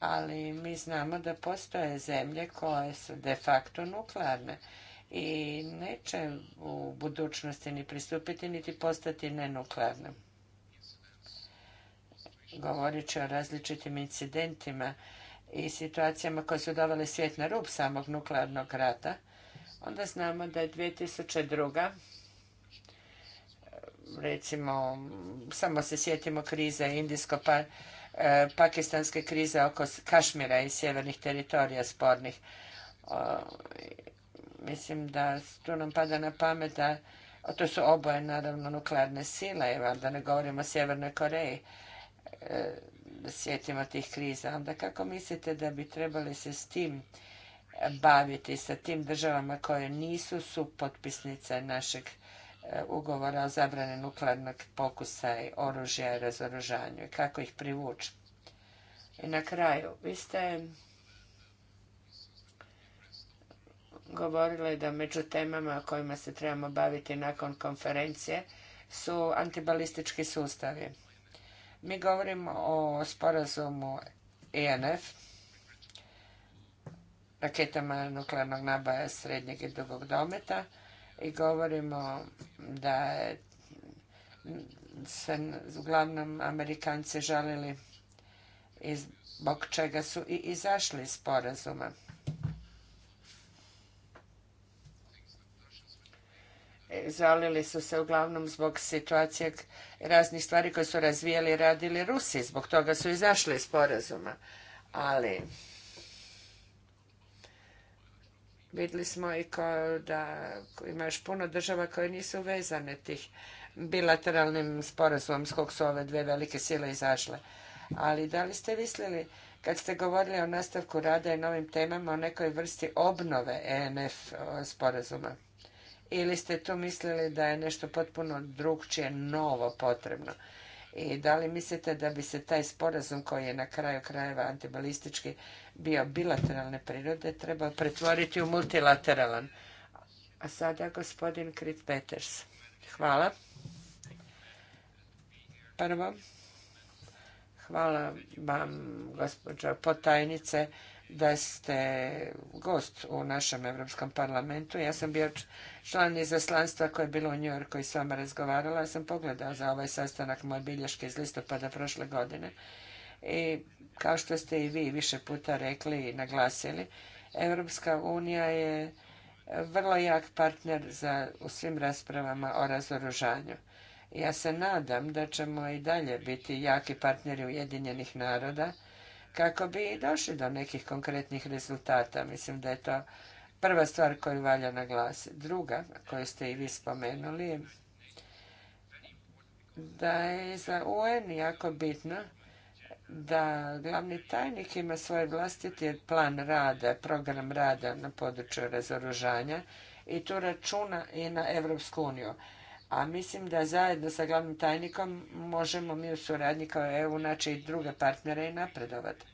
Ali mi znamo da postoje zemlje koje su de facto nuklearne i neće u budućnosti ni pristupiti niti postati nenuklearne govoreći o različitim incidentima i situacijama koje su dovele svijet na rub samog nuklearnog rata, onda znamo da je 2002. recimo, samo se sjetimo krize indijsko pa, e, pakistanske krize oko Kašmira i sjevernih teritorija spornih. mislim da tu nam pada na pamet da, to su oboje naravno nuklearne sile, da ne govorimo o Sjevernoj Koreji, sjetimo tih kriza. Onda kako mislite da bi trebali se s tim baviti, sa tim državama koje nisu supotpisnice našeg e, ugovora o zabrani nuklearnog pokusa i oružja i razoružanju i kako ih privući. I na kraju, vi ste govorili da među temama o kojima se trebamo baviti nakon konferencije su antibalistički sustavi. Mi govorimo o sporazumu ENF, raketama nuklearnog nabaja srednjeg i dugog dometa i govorimo da se uglavnom Amerikanci žalili zbog čega su i izašli iz sporazuma. zalili e, su se uglavnom zbog situacije raznih stvari koje su razvijali i radili Rusi. Zbog toga su izašli iz sporazuma. Ali vidjeli smo i da ima još puno država koje nisu vezane tih bilateralnim sporazumom s kog su ove dve velike sile izašle. Ali da li ste mislili kad ste govorili o nastavku rada i novim temama o nekoj vrsti obnove ENF sporazuma? ili ste tu mislili da je nešto potpuno drugčije, novo potrebno? I da li mislite da bi se taj sporazum koji je na kraju krajeva antibalistički bio bilateralne prirode trebao pretvoriti u multilateralan? A sada gospodin Krit Peters. Hvala. Prvo, hvala vam, gospođo potajnice, da ste gost u našem Europskom parlamentu. Ja sam bio član izaslanstva koje je bilo u Njujorku i s vama razgovarala. Ja sam pogledao za ovaj sastanak moje bilješke iz listopada prošle godine. I kao što ste i vi više puta rekli i naglasili, Europska unija je vrlo jak partner za, u svim raspravama o razoružanju. Ja se nadam da ćemo i dalje biti jaki partneri Ujedinjenih naroda kako bi i došli do nekih konkretnih rezultata. Mislim da je to prva stvar koju valja naglasiti. Druga, koju ste i vi spomenuli, da je za UN jako bitno da glavni tajnik ima svoj vlastiti plan rada, program rada na području razoružanja i tu računa i na Evropsku uniju a mislim da zajedno sa glavnim tajnikom možemo mi u suradnji kao EU naći i druge partnere i napredovati.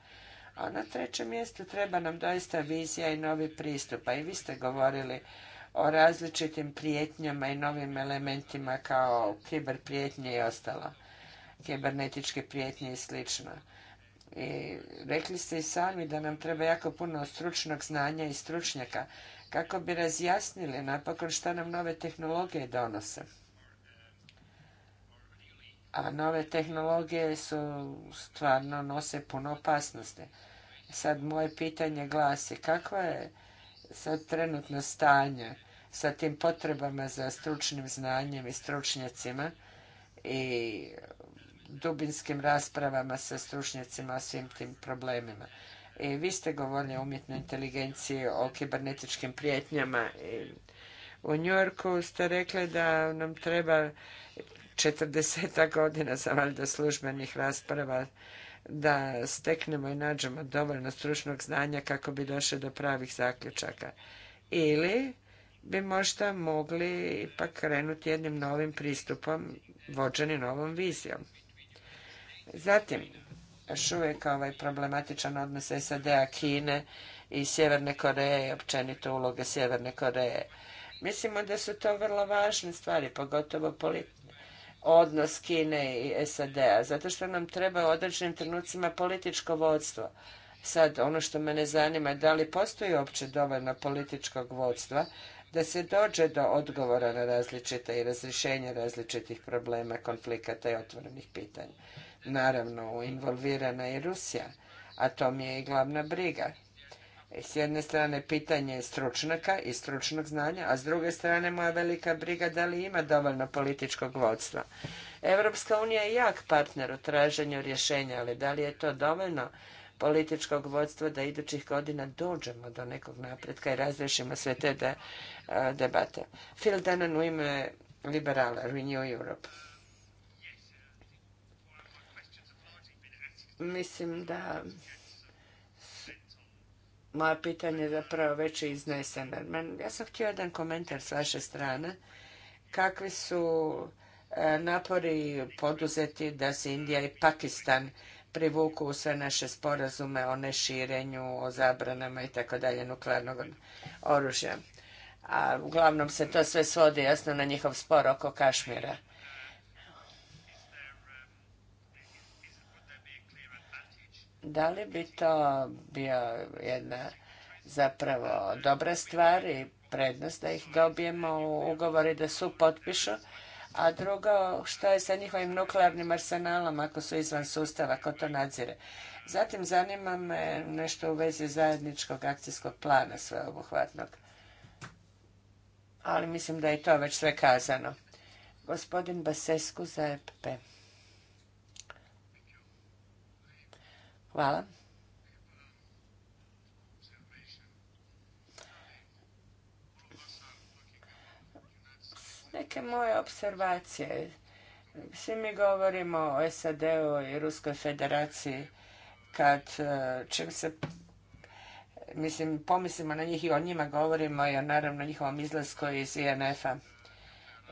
A na trećem mjestu treba nam doista vizija i novi pristup. A i vi ste govorili o različitim prijetnjama i novim elementima kao kiber prijetnje i ostalo, kibernetičke prijetnje i slično. I rekli ste i sami da nam treba jako puno stručnog znanja i stručnjaka kako bi razjasnili napokon šta nam nove tehnologije donose a nove tehnologije su stvarno nose puno opasnosti. Sad moje pitanje glasi kakva je sad trenutno stanje sa tim potrebama za stručnim znanjem i stručnjacima i dubinskim raspravama sa stručnjacima o svim tim problemima. I vi ste govorili o umjetnoj inteligenciji, o kibernetičkim prijetnjama. I u Njorku ste rekli da nam treba 40 godina sam valjda službenih rasprava da steknemo i nađemo dovoljno stručnog znanja kako bi došli do pravih zaključaka. Ili bi možda mogli ipak krenuti jednim novim pristupom vođeni novom vizijom. Zatim, još uvijek ovaj problematičan odnos SAD-a, Kine i Sjeverne Koreje i općenito uloge Sjeverne Koreje. Mislimo da su to vrlo važne stvari, pogotovo odnos Kine i SAD-a, zato što nam treba u određenim trenucima političko vodstvo. Sad, ono što mene zanima je da li postoji uopće dovoljno političkog vodstva da se dođe do odgovora na različite i razrješenja različitih problema, konflikata i otvorenih pitanja. Naravno, involvirana je Rusija, a to mi je i glavna briga s jedne strane pitanje stručnjaka i stručnog znanja, a s druge strane moja velika briga da li ima dovoljno političkog vodstva. Europska unija je jak partner u traženju rješenja, ali da li je to dovoljno političkog vodstva da idućih godina dođemo do nekog napretka i razrešimo sve te debate. Phil Denon u ime liberala Renew Europe. Mislim da moja pitanje zapravo već je iznesena. Ja sam htio jedan komentar s vaše strane. Kakvi su e, napori poduzeti da se Indija i Pakistan privuku u sve naše sporazume o neširenju, o zabranama i tako dalje nuklearnog oružja. A uglavnom se to sve svodi jasno na njihov spor oko Kašmira. Da li bi to bio jedna zapravo dobra stvar i prednost da ih dobijemo u ugovori da su potpišu? A drugo, što je sa njihovim nuklearnim arsenalom ako su izvan sustava, ako to nadzire? Zatim zanima me nešto u vezi zajedničkog akcijskog plana sveobuhvatnog. Ali mislim da je to već sve kazano. Gospodin Basescu za EPP. Hvala. Neke moje observacije. Svi mi govorimo o SAD-u i Ruskoj federaciji kad e, čim se mislim, pomislimo na njih i o njima govorimo i o naravno njihovom izlasku iz INF-a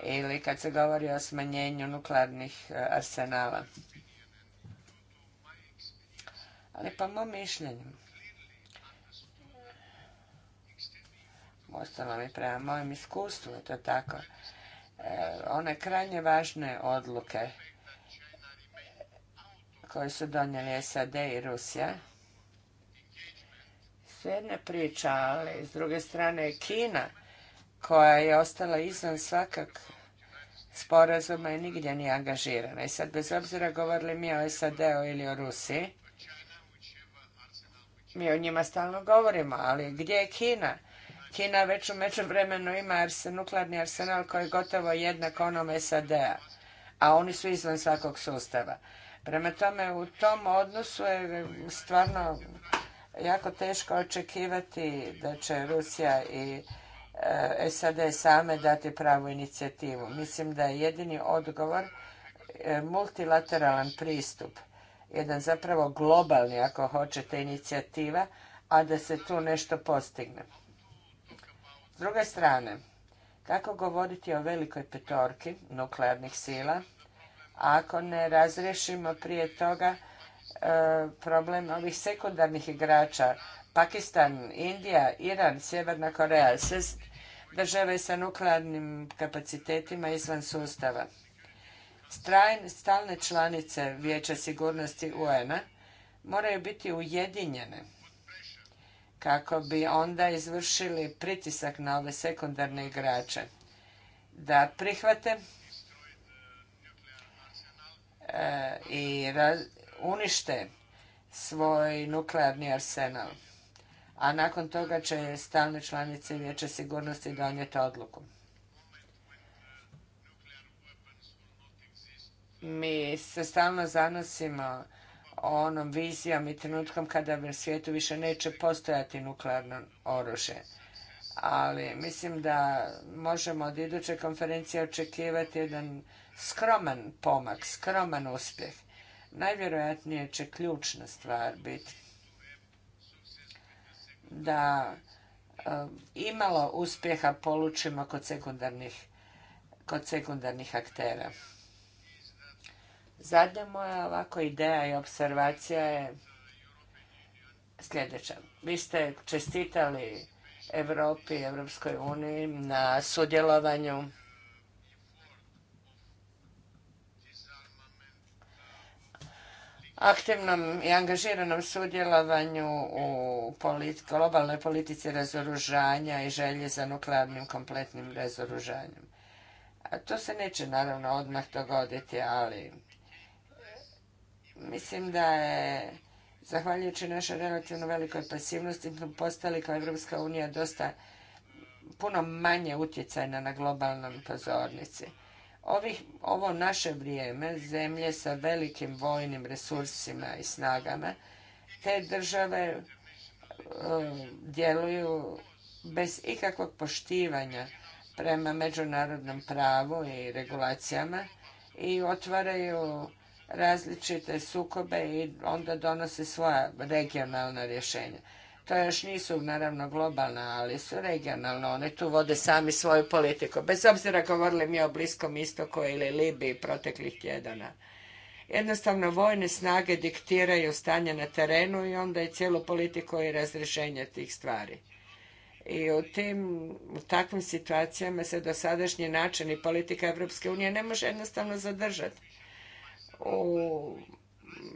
ili kad se govori o smanjenju nuklearnih e, arsenala. Ali po mom mišljenju, ostalo mi prema mojem iskustvu je to tako, e, one krajnje važne odluke koje su donijeli SAD i Rusija, s jedne priča, ali s druge strane je Kina koja je ostala izvan svakak sporazuma i nigdje nije angažirana. I sad, bez obzira govorili mi o SAD-u ili o Rusiji, mi o njima stalno govorimo, ali gdje je Kina? Kina već u međuvremenu ima nuklearni arsenal koji je gotovo jednak onom SAD-a, a oni su izvan svakog sustava. Prema tome, u tom odnosu je stvarno jako teško očekivati da će Rusija i e, SAD same dati pravu inicijativu. Mislim da je jedini odgovor e, multilateralan pristup jedan zapravo globalni, ako hoćete, inicijativa, a da se tu nešto postigne. S druge strane, kako govoriti o velikoj petorki nuklearnih sila, ako ne razriješimo prije toga e, problem ovih sekundarnih igrača, Pakistan, Indija, Iran, Sjeverna Koreja, sve države sa nuklearnim kapacitetima izvan sustava stalne članice Vijeća sigurnosti UN-a moraju biti ujedinjene kako bi onda izvršili pritisak na ove sekundarne igrače da prihvate e, i unište svoj nuklearni arsenal. A nakon toga će stalne članice Vijeća sigurnosti donijeti odluku. Mi se stalno zanosimo onom vizijom i trenutkom kada u svijetu više neće postojati nuklearno oružje. Ali mislim da možemo od iduće konferencije očekivati jedan skroman pomak, skroman uspjeh. Najvjerojatnije će ključna stvar biti da e, imalo uspjeha polučimo kod sekundarnih, kod sekundarnih aktera. Zadnja moja ovako ideja i observacija je sljedeća. Vi ste čestitali Europi i Europskoj uniji na sudjelovanju aktivnom i angažiranom sudjelovanju u globalnoj politici razoružanja i želje za nuklearnim kompletnim razoružanjem. A to se neće naravno odmah dogoditi, ali Mislim da je zahvaljujući našoj relativno velikoj pasivnosti smo postali kao Evropska unija dosta puno manje utjecajna na globalnom pozornici. ovo naše vrijeme, zemlje sa velikim vojnim resursima i snagama, te države e, djeluju bez ikakvog poštivanja prema međunarodnom pravu i regulacijama i otvaraju različite sukobe i onda donose svoja regionalna rješenja. To još nisu naravno globalna, ali su regionalna. One tu vode sami svoju politiku. Bez obzira govorili mi o Bliskom istoku ili Libiji proteklih tjedana. Jednostavno vojne snage diktiraju stanje na terenu i onda je cijelu politiku i razrješenje tih stvari. I u tim, u takvim situacijama se dosadašnji način i politika Europske unije ne može jednostavno zadržati u,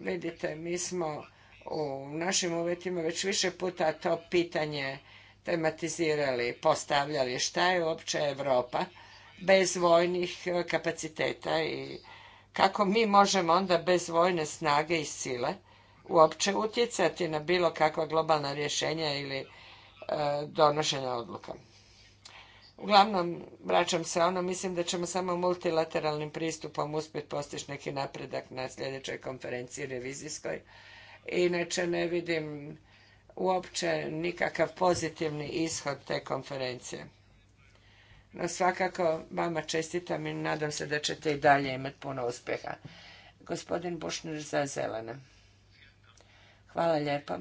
vidite, mi smo u našim uvjetima već više puta to pitanje tematizirali, postavljali šta je uopće Europa bez vojnih e, kapaciteta i kako mi možemo onda bez vojne snage i sile uopće utjecati na bilo kakva globalna rješenja ili e, donošenja odluka. Uglavnom, vraćam se ono, mislim da ćemo samo multilateralnim pristupom uspjeti postići neki napredak na sljedećoj konferenciji revizijskoj. Inače ne vidim uopće nikakav pozitivni ishod te konferencije. No svakako vama čestitam i nadam se da ćete i dalje imati puno uspjeha. Gospodin Bušnir za zelene. Hvala lijepa.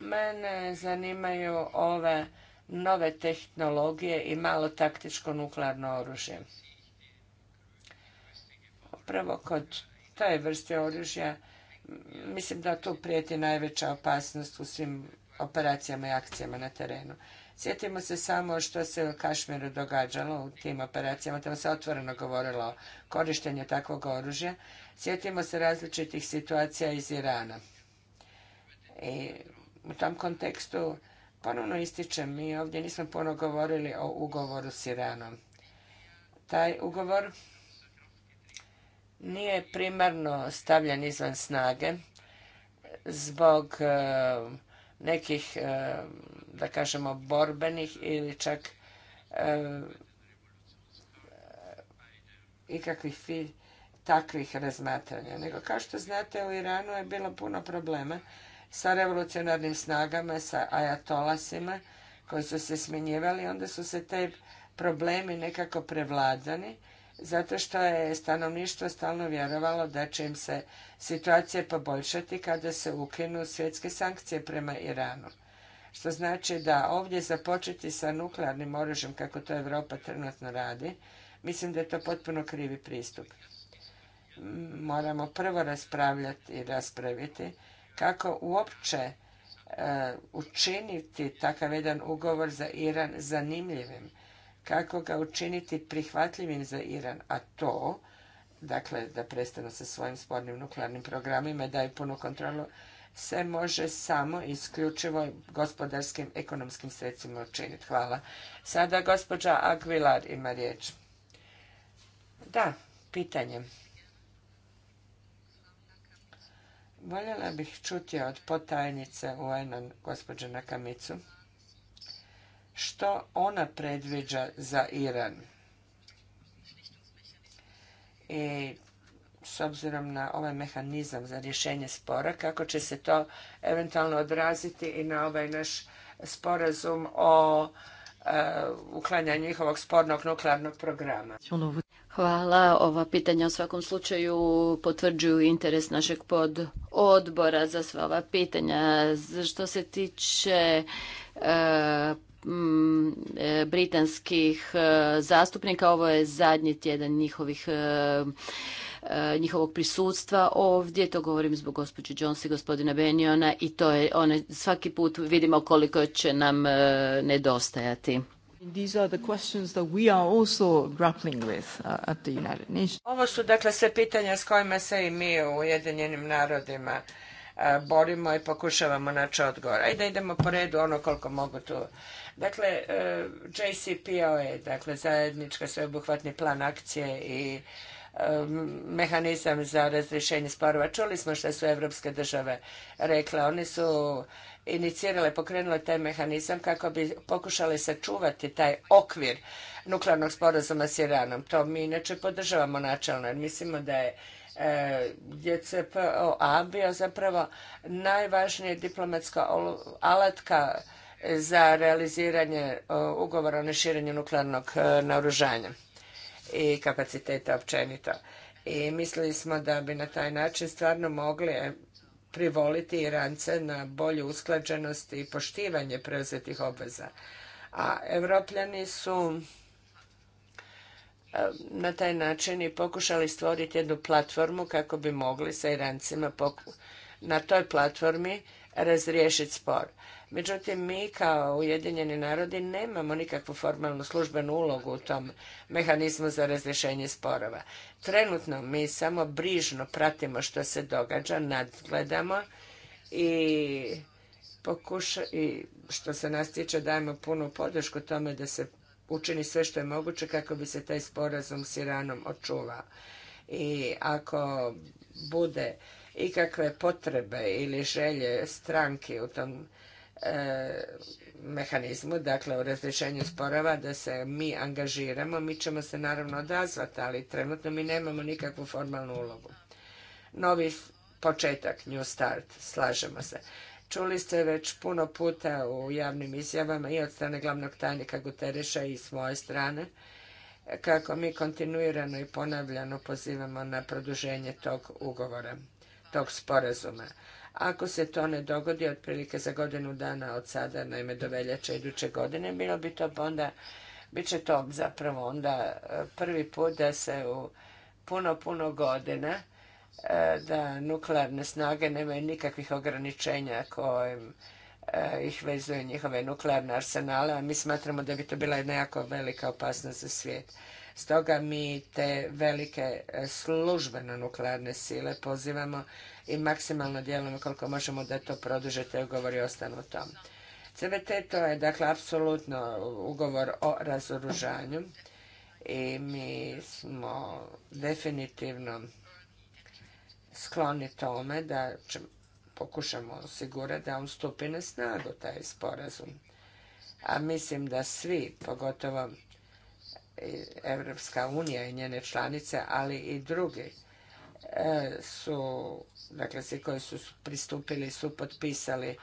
Mene zanimaju ove nove tehnologije i malo taktičko nuklearno oružje. Upravo kod taj vrste oružja mislim da tu prijeti najveća opasnost u svim operacijama i akcijama na terenu. Sjetimo se samo što se u Kašmiru događalo u tim operacijama, tamo se otvoreno govorilo o korištenju takvog oružja. Sjetimo se različitih situacija iz Irana. I u tom kontekstu ponovno ističem, mi ovdje nismo puno govorili o ugovoru s Iranom. Taj ugovor nije primarno stavljen izvan snage zbog e, nekih, e, da kažemo, borbenih ili čak e, ikakvih takvih razmatranja. Nego, kao što znate, u Iranu je bilo puno problema sa revolucionarnim snagama, sa ajatolasima koji su se smjenjivali, onda su se te problemi nekako prevladani zato što je stanovništvo stalno vjerovalo da će im se situacija poboljšati kada se ukinu svjetske sankcije prema Iranu. Što znači da ovdje započeti sa nuklearnim oružjem kako to Europa trenutno radi, mislim da je to potpuno krivi pristup. Moramo prvo raspravljati i raspraviti kako uopće e, učiniti takav jedan ugovor za Iran zanimljivim, kako ga učiniti prihvatljivim za Iran, a to, dakle da prestanu sa svojim spornim nuklearnim programima i daju punu kontrolu, se može samo isključivo gospodarskim, ekonomskim sredstvima učiniti. Hvala. Sada gospođa Aguilar ima riječ. Da, pitanje. Voljela bih čuti od potajnice UN-a, gospođe Nakamicu, što ona predviđa za Iran. I s obzirom na ovaj mehanizam za rješenje spora, kako će se to eventualno odraziti i na ovaj naš sporazum o e, uklanjanju njihovog spornog nuklearnog programa. Hvala. Ova pitanja u svakom slučaju potvrđuju interes našeg pododbora za sva ova pitanja. Što se tiče e, britanskih e, zastupnika. Ovo je zadnji tjedan njihovih, e, njihovog prisustva ovdje. To govorim zbog gospođe Jones i gospodina Beniona i to je one, svaki put vidimo koliko će nam nedostajati. Ovo su dakle sve pitanja s kojima se i mi u Ujedinjenim narodima uh, borimo i pokušavamo naći odgovor. Ajde da idemo po redu ono koliko mogu tu. Dakle, uh, JCPOA, dakle zajednička sveobuhvatni plan akcije i um, mehanizam za razrješenje sporova. Čuli smo što su evropske države rekle. Oni su inicirale, pokrenule taj mehanizam kako bi pokušali sačuvati taj okvir nuklearnog sporazuma s Iranom. To mi inače podržavamo načelno jer mislimo da je e, JCPOA bio zapravo najvažnija diplomatska alatka za realiziranje e, ugovora o neširenju nuklearnog e, naoružanja i kapaciteta općenito. I mislili smo da bi na taj način stvarno mogli privoliti Irance na bolju usklađenost i poštivanje preuzetih obveza. A Evropljani su e, na taj način i pokušali stvoriti jednu platformu kako bi mogli sa Irancima na toj platformi razriješiti spor. Međutim, mi kao Ujedinjeni narodi nemamo nikakvu formalnu službenu ulogu u tom mehanizmu za razrješenje sporova. Trenutno mi samo brižno pratimo što se događa, nadgledamo i i što se nas tiče dajemo punu podršku tome da se učini sve što je moguće kako bi se taj sporazum s Iranom očuvao. I ako bude ikakve potrebe ili želje stranke u tom E, mehanizmu, dakle u razrješenju sporova, da se mi angažiramo. Mi ćemo se naravno odazvati, ali trenutno mi nemamo nikakvu formalnu ulogu. Novi početak, new start, slažemo se. Čuli ste već puno puta u javnim izjavama i od strane glavnog tajnika Gutereša i s moje strane kako mi kontinuirano i ponavljano pozivamo na produženje tog ugovora, tog sporazuma. Ako se to ne dogodi, otprilike za godinu dana od sada, naime do veljače iduće godine, bilo bi to onda, bit će to zapravo onda e, prvi put da se u puno, puno godina e, da nuklearne snage nemaju nikakvih ograničenja kojim e, ih vezuje njihove nuklearne arsenale, a mi smatramo da bi to bila jedna jako velika opasnost za svijet. Stoga mi te velike e, službeno nuklearne sile pozivamo i maksimalno djelujemo koliko možemo da to produže te ugovori ostanu u tom. CVT to je dakle apsolutno ugovor o razoružanju i mi smo definitivno skloni tome da pokušamo osigurati da on stupi na snagu taj sporazum. A mislim da svi, pogotovo Evropska unija i njene članice, ali i drugi e, su, dakle svi koji su pristupili, su potpisali,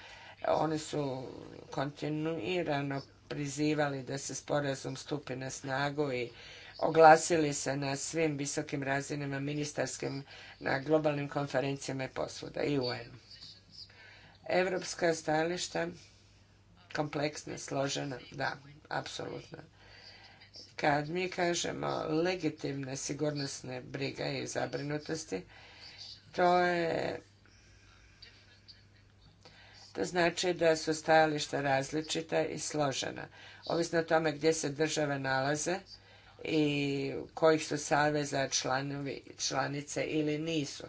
oni su kontinuirano prizivali da se sporazum stupi na snagu i oglasili se na svim visokim razinama ministarskim, na globalnim konferencijama i posvuda i UN. Evropska stajališta kompleksna, složena, da, apsolutno. Kad mi kažemo legitimne sigurnosne briga i zabrinutosti, to je to znači da su stajališta različita i složena. Ovisno o tome gdje se države nalaze i kojih su saveza članovi, članice ili nisu.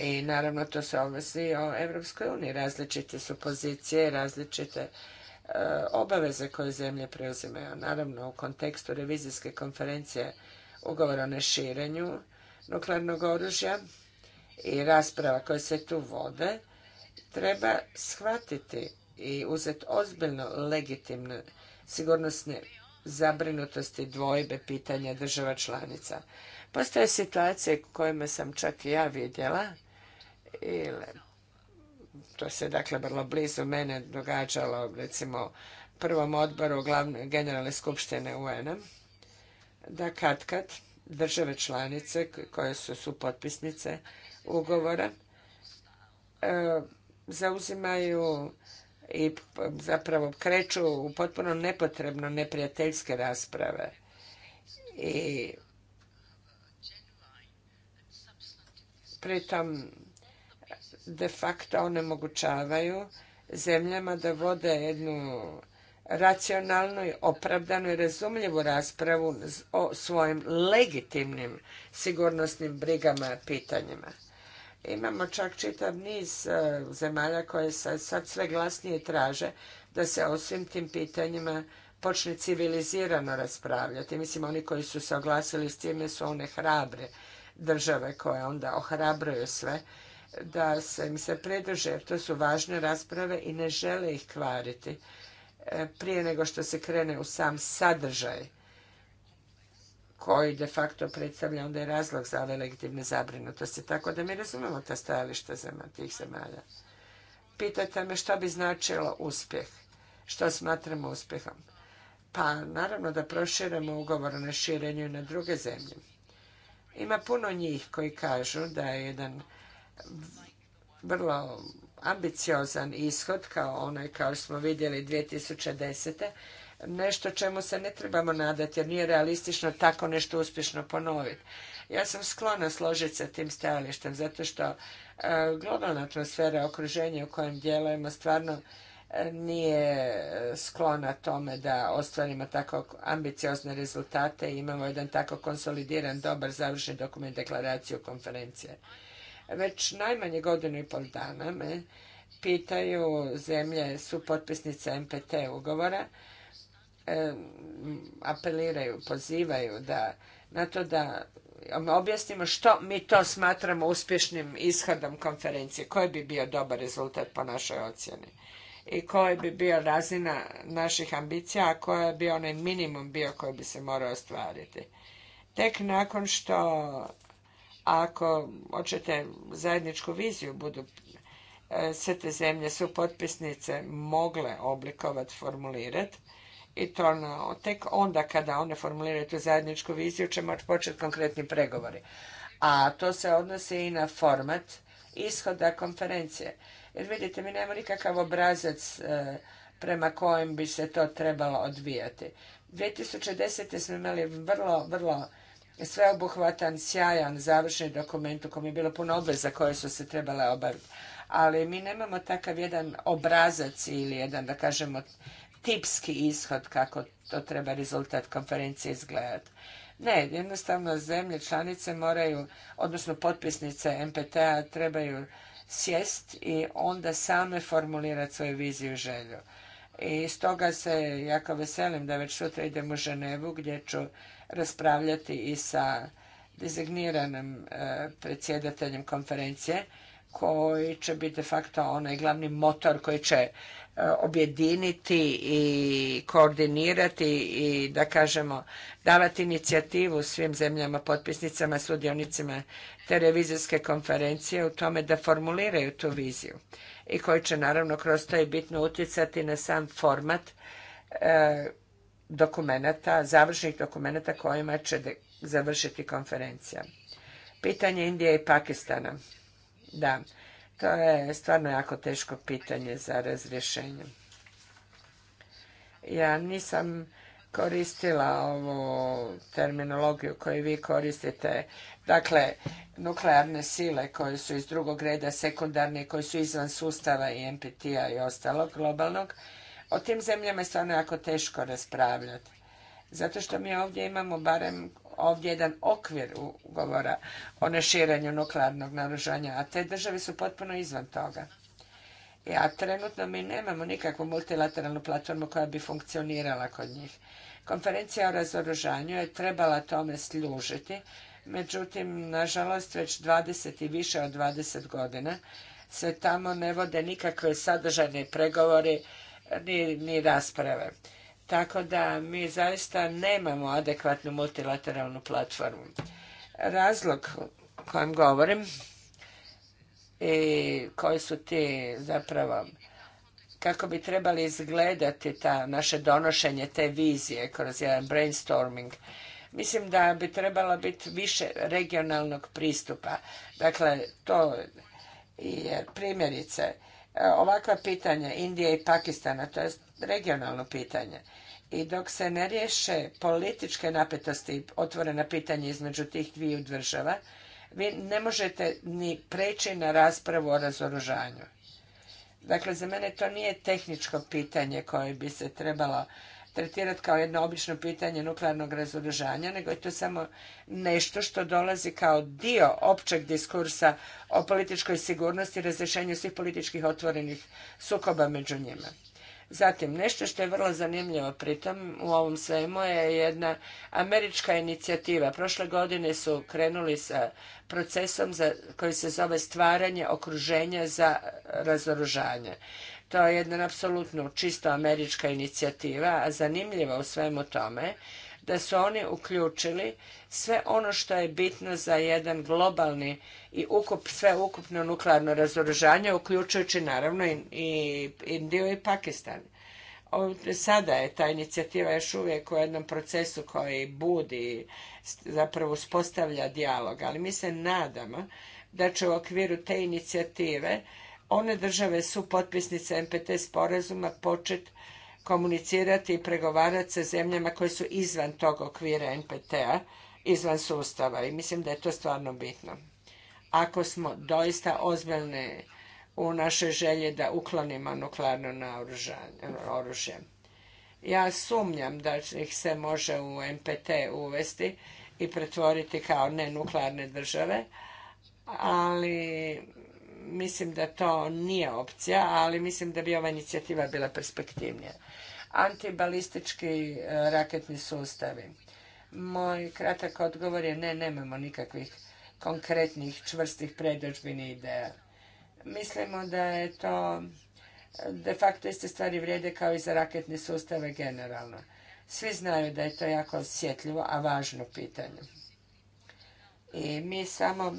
I naravno to se ovisi o Evropskoj uniji. Različite su pozicije, različite E, obaveze koje zemlje preuzimaju. Naravno, u kontekstu revizijske konferencije ugovora o neširenju nuklearnog oružja i rasprava koje se tu vode, treba shvatiti i uzeti ozbiljno legitimne sigurnosne zabrinutosti, dvojbe, pitanja država članica. Postoje situacije u kojima sam čak i ja vidjela, ili to se dakle vrlo blizu mene događalo, recimo prvom odboru glavne generalne skupštine UN-a, da kad kad države članice koje su potpisnice ugovora e, zauzimaju i zapravo kreću u potpuno nepotrebno neprijateljske rasprave i pritom de facto onemogućavaju zemljama da vode jednu racionalnu i opravdanu i razumljivu raspravu o svojim legitimnim sigurnosnim brigama i pitanjima. Imamo čak čitav niz e, zemalja koje sad sve glasnije traže da se o svim tim pitanjima počne civilizirano raspravljati. Mislim, oni koji su se oglasili s time su one hrabre države koje onda ohrabruju sve da se im se predrže jer to su važne rasprave i ne žele ih kvariti e, prije nego što se krene u sam sadržaj koji de facto predstavlja onda je razlog za ove legitimne zabrinutosti. Tako da mi razumemo ta stajališta tih zemalja. Pitate me što bi značilo uspjeh, što smatramo uspjehom. Pa naravno da proširimo ugovor na širenju na druge zemlje. Ima puno njih koji kažu da je jedan vrlo ambiciozan ishod kao onaj kao što smo vidjeli 2010. Nešto čemu se ne trebamo nadati jer nije realistično tako nešto uspješno ponoviti. Ja sam sklona složiti sa tim stajalištem zato što e, globalna atmosfera, okruženje u kojem djelujemo stvarno e, nije sklona tome da ostvarimo tako ambiciozne rezultate i imamo jedan tako konsolidiran, dobar, završen dokument deklaraciju konferencije. Već najmanje godinu i pol dana me pitaju zemlje su potpisnice MPT ugovora, e, apeliraju, pozivaju da, na to da objasnimo što mi to smatramo uspješnim ishodom konferencije, koji bi bio dobar rezultat po našoj ocjeni i koji bi bio razina naših ambicija, a koja bi onaj minimum bio koji bi se morao ostvariti. Tek nakon što ako hoćete zajedničku viziju budu e, sve te zemlje su potpisnice mogle oblikovati, formulirati i to tek onda kada one formuliraju tu zajedničku viziju će moći početi konkretni pregovori. A to se odnosi i na format ishoda konferencije. Jer vidite, mi nemamo nikakav obrazac e, prema kojem bi se to trebalo odvijati. 2010. smo imali vrlo, vrlo sveobuhvatan, sjajan, završni dokument u kojem je bilo puno obveza koje su se trebale obaviti. Ali mi nemamo takav jedan obrazac ili jedan, da kažemo, tipski ishod kako to treba rezultat konferencije izgledati. Ne, jednostavno zemlje članice moraju, odnosno potpisnice MPTA trebaju sjest i onda same formulirati svoju viziju i želju. I stoga se jako veselim da već sutra idem u Ženevu gdje ću raspravljati i sa dezigniranim e, predsjedateljem konferencije koji će biti de facto onaj glavni motor koji će e, objediniti i koordinirati i da kažemo davati inicijativu svim zemljama potpisnicama, sudionicima te revizijske konferencije u tome da formuliraju tu viziju i koji će naravno kroz to i bitno utjecati na sam format e, dokumenata, završnih dokumenata kojima će završiti konferencija. Pitanje Indije i Pakistana. Da, to je stvarno jako teško pitanje za razrješenje. Ja nisam koristila ovu terminologiju koju vi koristite. Dakle, nuklearne sile koje su iz drugog reda sekundarne i koje su izvan sustava i NPT-a i ostalog globalnog, o tim zemljama je stvarno jako teško raspravljati. Zato što mi ovdje imamo barem ovdje jedan okvir ugovora o neširenju nuklearnog naružanja, a te države su potpuno izvan toga a trenutno mi nemamo nikakvu multilateralnu platformu koja bi funkcionirala kod njih. Konferencija o razoružanju je trebala tome služiti, međutim, nažalost, već 20 i više od 20 godina se tamo ne vode nikakve sadržajne pregovori ni, ni rasprave. Tako da mi zaista nemamo adekvatnu multilateralnu platformu. Razlog kojem govorim i koji su ti zapravo kako bi trebali izgledati ta naše donošenje te vizije kroz jedan brainstorming. Mislim da bi trebalo biti više regionalnog pristupa. Dakle, to je primjerice ovakva pitanja Indije i Pakistana, to je regionalno pitanje. I dok se ne riješe političke napetosti otvorena pitanja između tih dviju država, vi ne možete ni preći na raspravu o razoružanju. Dakle, za mene to nije tehničko pitanje koje bi se trebalo tretirati kao jedno obično pitanje nuklearnog razoružanja, nego je to samo nešto što dolazi kao dio općeg diskursa o političkoj sigurnosti i razrješenju svih političkih otvorenih sukoba među njima. Zatim, nešto što je vrlo zanimljivo pritom u ovom svemu je jedna američka inicijativa. Prošle godine su krenuli sa procesom za, koji se zove stvaranje okruženja za razoružanje. To je jedna apsolutno čisto američka inicijativa, a zanimljiva u svemu tome da su oni uključili sve ono što je bitno za jedan globalni i ukup, ukupno nuklearno razoružanje, uključujući naravno i, i Indiju i Pakistan. Sada je ta inicijativa još uvijek u jednom procesu koji budi, zapravo uspostavlja dijalog, ali mi se nadamo da će u okviru te inicijative one države su potpisnice MPT sporazuma početi komunicirati i pregovarati sa zemljama koje su izvan tog okvira NPT-a, izvan sustava i mislim da je to stvarno bitno. Ako smo doista ozbiljni u našoj želji da uklonimo nuklearno oružje. Ja sumnjam da ih se može u NPT uvesti i pretvoriti kao nenuklearne države, ali mislim da to nije opcija, ali mislim da bi ova inicijativa bila perspektivnija. Antibalistički e, raketni sustavi. Moj kratak odgovor je ne, nemamo nikakvih konkretnih čvrstih predođbini ideja. Mislimo da je to de facto iste stvari vrijede kao i za raketne sustave generalno. Svi znaju da je to jako osjetljivo, a važno pitanje. I mi samo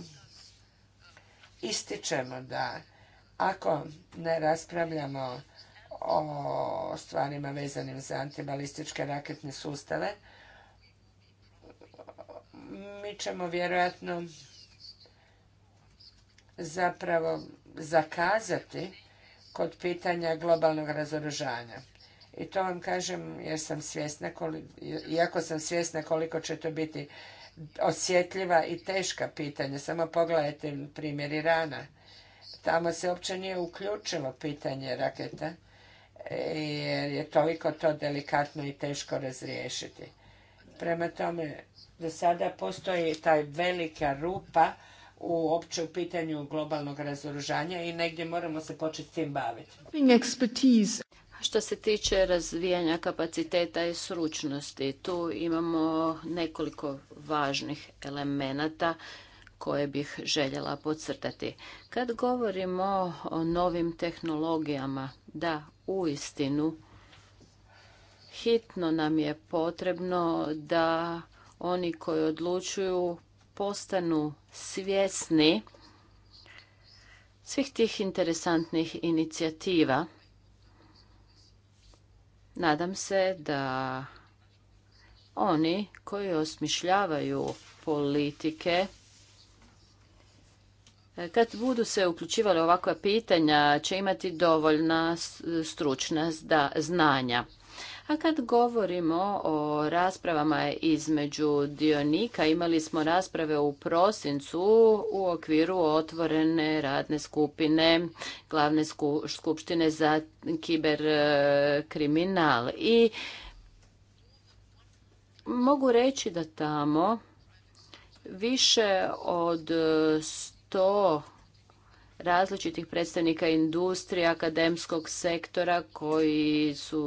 ističemo da ako ne raspravljamo o stvarima vezanim za antibalističke raketne sustave, mi ćemo vjerojatno zapravo zakazati kod pitanja globalnog razoružanja. I to vam kažem jer sam svjesna, iako sam svjesna koliko će to biti osjetljiva i teška pitanja. Samo pogledajte primjer Irana. Tamo se uopće nije uključilo pitanje raketa jer je toliko to delikatno i teško razriješiti. Prema tome, do sada postoji taj velika rupa u u pitanju globalnog razoružanja i negdje moramo se početi s tim baviti. Što se tiče razvijanja kapaciteta i sručnosti, tu imamo nekoliko važnih elemenata koje bih željela podcrtati. Kad govorimo o novim tehnologijama, da, u istinu, hitno nam je potrebno da oni koji odlučuju postanu svjesni svih tih interesantnih inicijativa Nadam se da oni koji osmišljavaju politike e, kad budu se uključivali ovakva pitanja će imati dovoljna stručna znanja. A kad govorimo o raspravama između dionika, imali smo rasprave u prosincu u okviru otvorene radne skupine, glavne skupštine za kiberkriminal. E, I mogu reći da tamo više od sto različitih predstavnika industrije, akademskog sektora koji su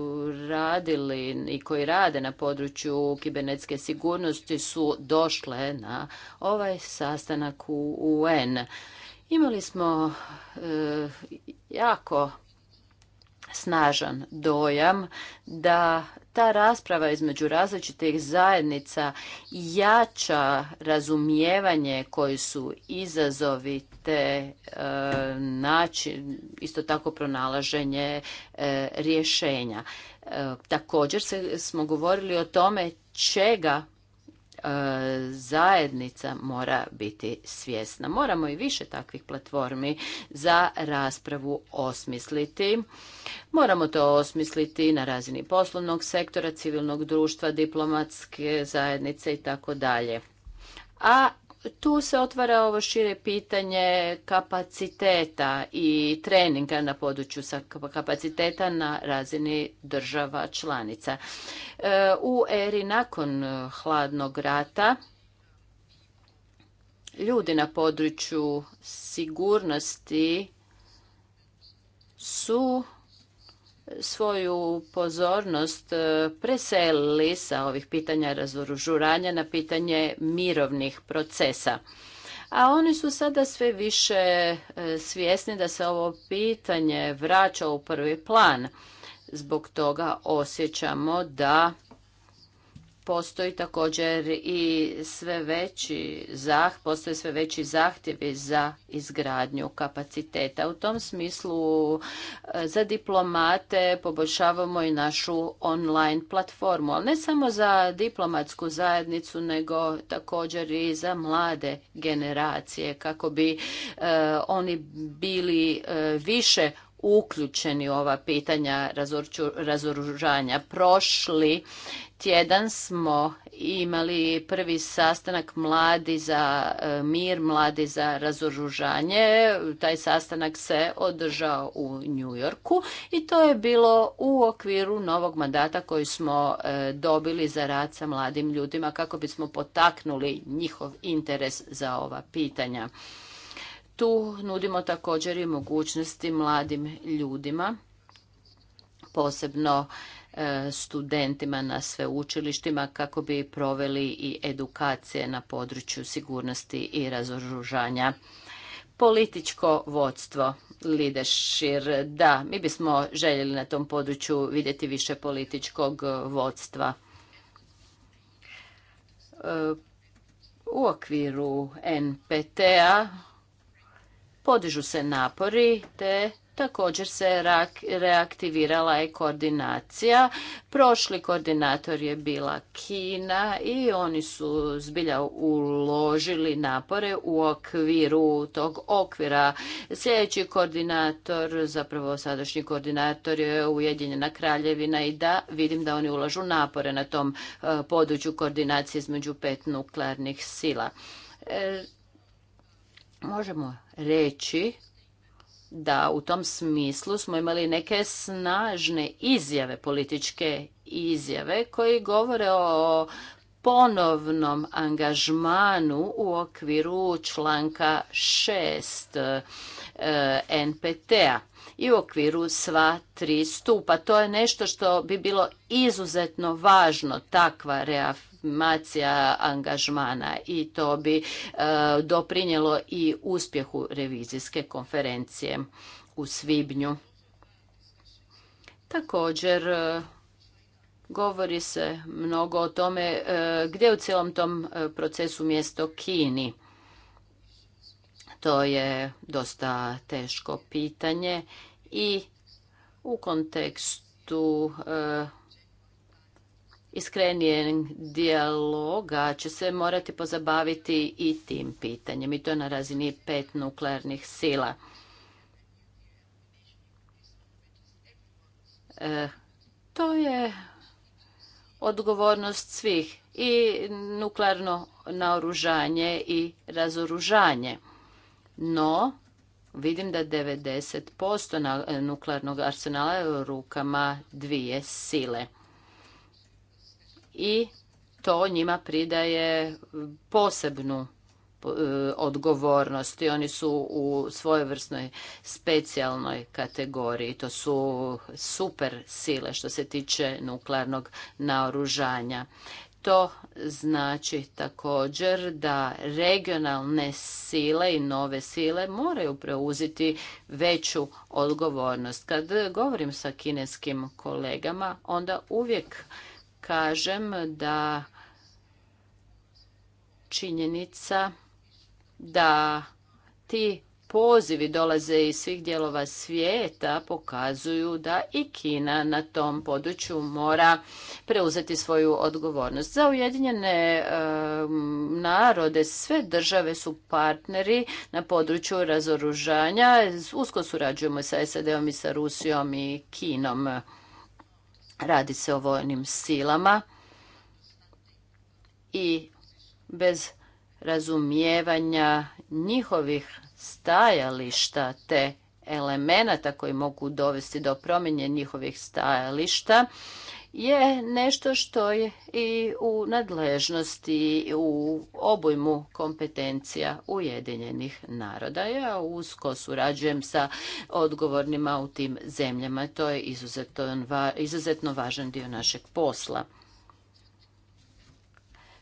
radili i koji rade na području kibernetske sigurnosti su došle na ovaj sastanak u UN. Imali smo e, jako snažan dojam da ta rasprava između različitih zajednica jača razumijevanje koji su izazovi te e, način, isto tako pronalaženje e, rješenja. E, također se, smo govorili o tome čega E, zajednica mora biti svjesna. Moramo i više takvih platformi za raspravu osmisliti. Moramo to osmisliti na razini poslovnog sektora, civilnog društva, diplomatske zajednice i tako dalje. A tu se otvara ovo šire pitanje kapaciteta i treninga na području kapaciteta na razini država članica. E, u eri nakon hladnog rata ljudi na području sigurnosti su svoju pozornost e, preselili sa ovih pitanja razoružuranja na pitanje mirovnih procesa. A oni su sada sve više e, svjesni da se ovo pitanje vraća u prvi plan. Zbog toga osjećamo da postoji također i sve veći zah, postoje sve veći zahtjevi za izgradnju kapaciteta. U tom smislu e, za diplomate poboljšavamo i našu online platformu, ali ne samo za diplomatsku zajednicu, nego također i za mlade generacije kako bi e, oni bili e, više uključeni u ova pitanja razoružanja. Prošli tjedan smo imali prvi sastanak mladi za e, mir, mladi za razoružanje. Taj sastanak se održao u New Yorku i to je bilo u okviru novog mandata koji smo e, dobili za rad sa mladim ljudima kako bismo potaknuli njihov interes za ova pitanja. Tu nudimo također i mogućnosti mladim ljudima, posebno e, studentima na sveučilištima kako bi proveli i edukacije na području sigurnosti i razoružanja. Političko vodstvo, lidešir, da, mi bismo željeli na tom području vidjeti više političkog vodstva. E, u okviru NPT-a podižu se napori te također se reaktivirala je koordinacija. Prošli koordinator je bila Kina i oni su zbilja uložili napore u okviru tog okvira. Sljedeći koordinator, zapravo sadašnji koordinator je Ujedinjena kraljevina i da vidim da oni ulažu napore na tom eh, području koordinacije između pet nuklearnih sila. Eh, možemo reći da u tom smislu smo imali neke snažne izjave, političke izjave koji govore o ponovnom angažmanu u okviru članka 6 e, NPT-a i u okviru sva tri stupa. To je nešto što bi bilo izuzetno važno, takva legitimacija angažmana i to bi e, doprinjelo i uspjehu revizijske konferencije u svibnju. Također e, govori se mnogo o tome e, gdje u cijelom tom procesu mjesto Kini. To je dosta teško pitanje i u kontekstu iskrenijeg dijaloga će se morati pozabaviti i tim pitanjem i to na razini pet nuklearnih sila. E, to je odgovornost svih i nuklearno naoružanje i razoružanje. No, vidim da 90% nuklearnog arsenala je u rukama dvije sile i to njima pridaje posebnu e, odgovornost i oni su u svojevrsnoj specijalnoj kategoriji. To su super sile što se tiče nuklearnog naoružanja. To znači također da regionalne sile i nove sile moraju preuzeti veću odgovornost. Kad govorim sa kineskim kolegama, onda uvijek kažem da činjenica da ti pozivi dolaze iz svih dijelova svijeta pokazuju da i Kina na tom području mora preuzeti svoju odgovornost. Za Ujedinjene narode sve države su partneri na području razoružanja. Usko surađujemo sa SAD-om i sa Rusijom i Kinom. Radi se o vojnim silama i bez razumijevanja njihovih stajališta te elemenata koji mogu dovesti do promjene njihovih stajališta je nešto što je i u nadležnosti u obojmu kompetencija Ujedinjenih naroda. Ja usko surađujem sa odgovornima u tim zemljama. To je izuzetno važan dio našeg posla.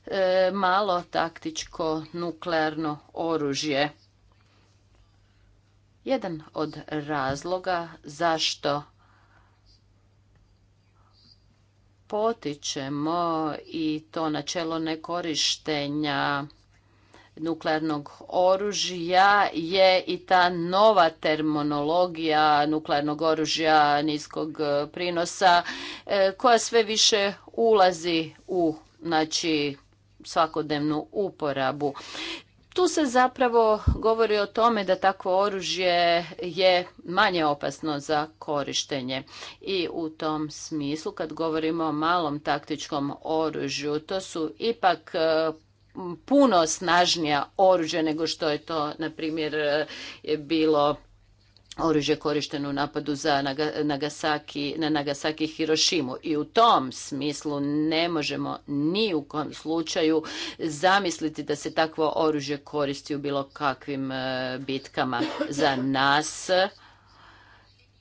E, malo taktičko nuklearno oružje. Jedan od razloga zašto potičemo i to načelo nekorištenja nuklearnog oružja je i ta nova terminologija nuklearnog oružja niskog e, prinosa e, koja sve više ulazi u znači svakodnevnu uporabu. Tu se zapravo govori o tome da takvo oružje je manje opasno za korištenje i u tom smislu kad govorimo o malom taktičkom oružju to su ipak e, puno snažnija oružja nego što je to na primjer e, bilo oružje korišteno u napadu za Nagasaki, na Nagasaki Hirošimu. I u tom smislu ne možemo ni u kom slučaju zamisliti da se takvo oružje koristi u bilo kakvim e, bitkama za nas.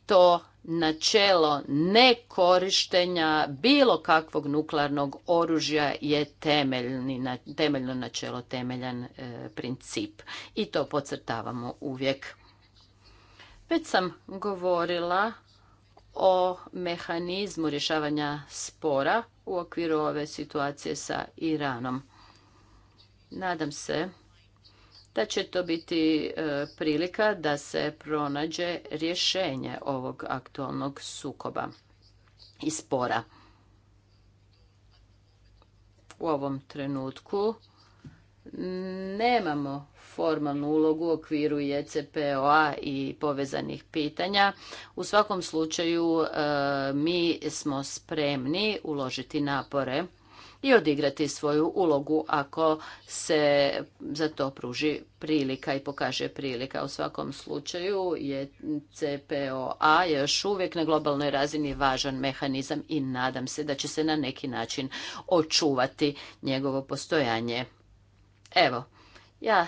To načelo nekorištenja bilo kakvog nuklearnog oružja je temeljni, temeljno načelo, temeljan e, princip. I to pocrtavamo uvijek. Već sam govorila o mehanizmu rješavanja spora u okviru ove situacije sa Iranom. Nadam se da će to biti e, prilika da se pronađe rješenje ovog aktualnog sukoba i spora. U ovom trenutku nemamo formalnu ulogu u okviru JCPOA e i povezanih pitanja. U svakom slučaju e, mi smo spremni uložiti napore i odigrati svoju ulogu ako se za to pruži prilika i pokaže prilika. U svakom slučaju e je CPOA još uvijek na globalnoj razini važan mehanizam i nadam se da će se na neki način očuvati njegovo postojanje. Evo, ja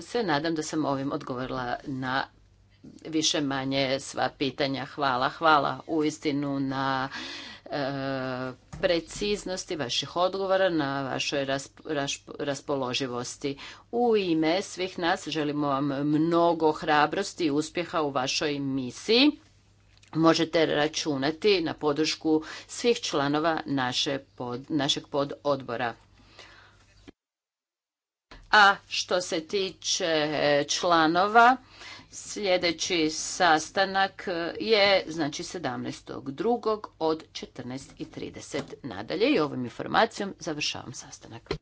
se nadam da sam ovim odgovorila na više manje sva pitanja. Hvala, hvala u istinu na e, preciznosti vaših odgovora, na vašoj raspoloživosti. U ime svih nas želimo vam mnogo hrabrosti i uspjeha u vašoj misiji. Možete računati na podršku svih članova našeg pododbora. A što se tiče e, članova, sljedeći sastanak e, je 17.2. Znači, od 14.30 nadalje i ovom informacijom završavam sastanak.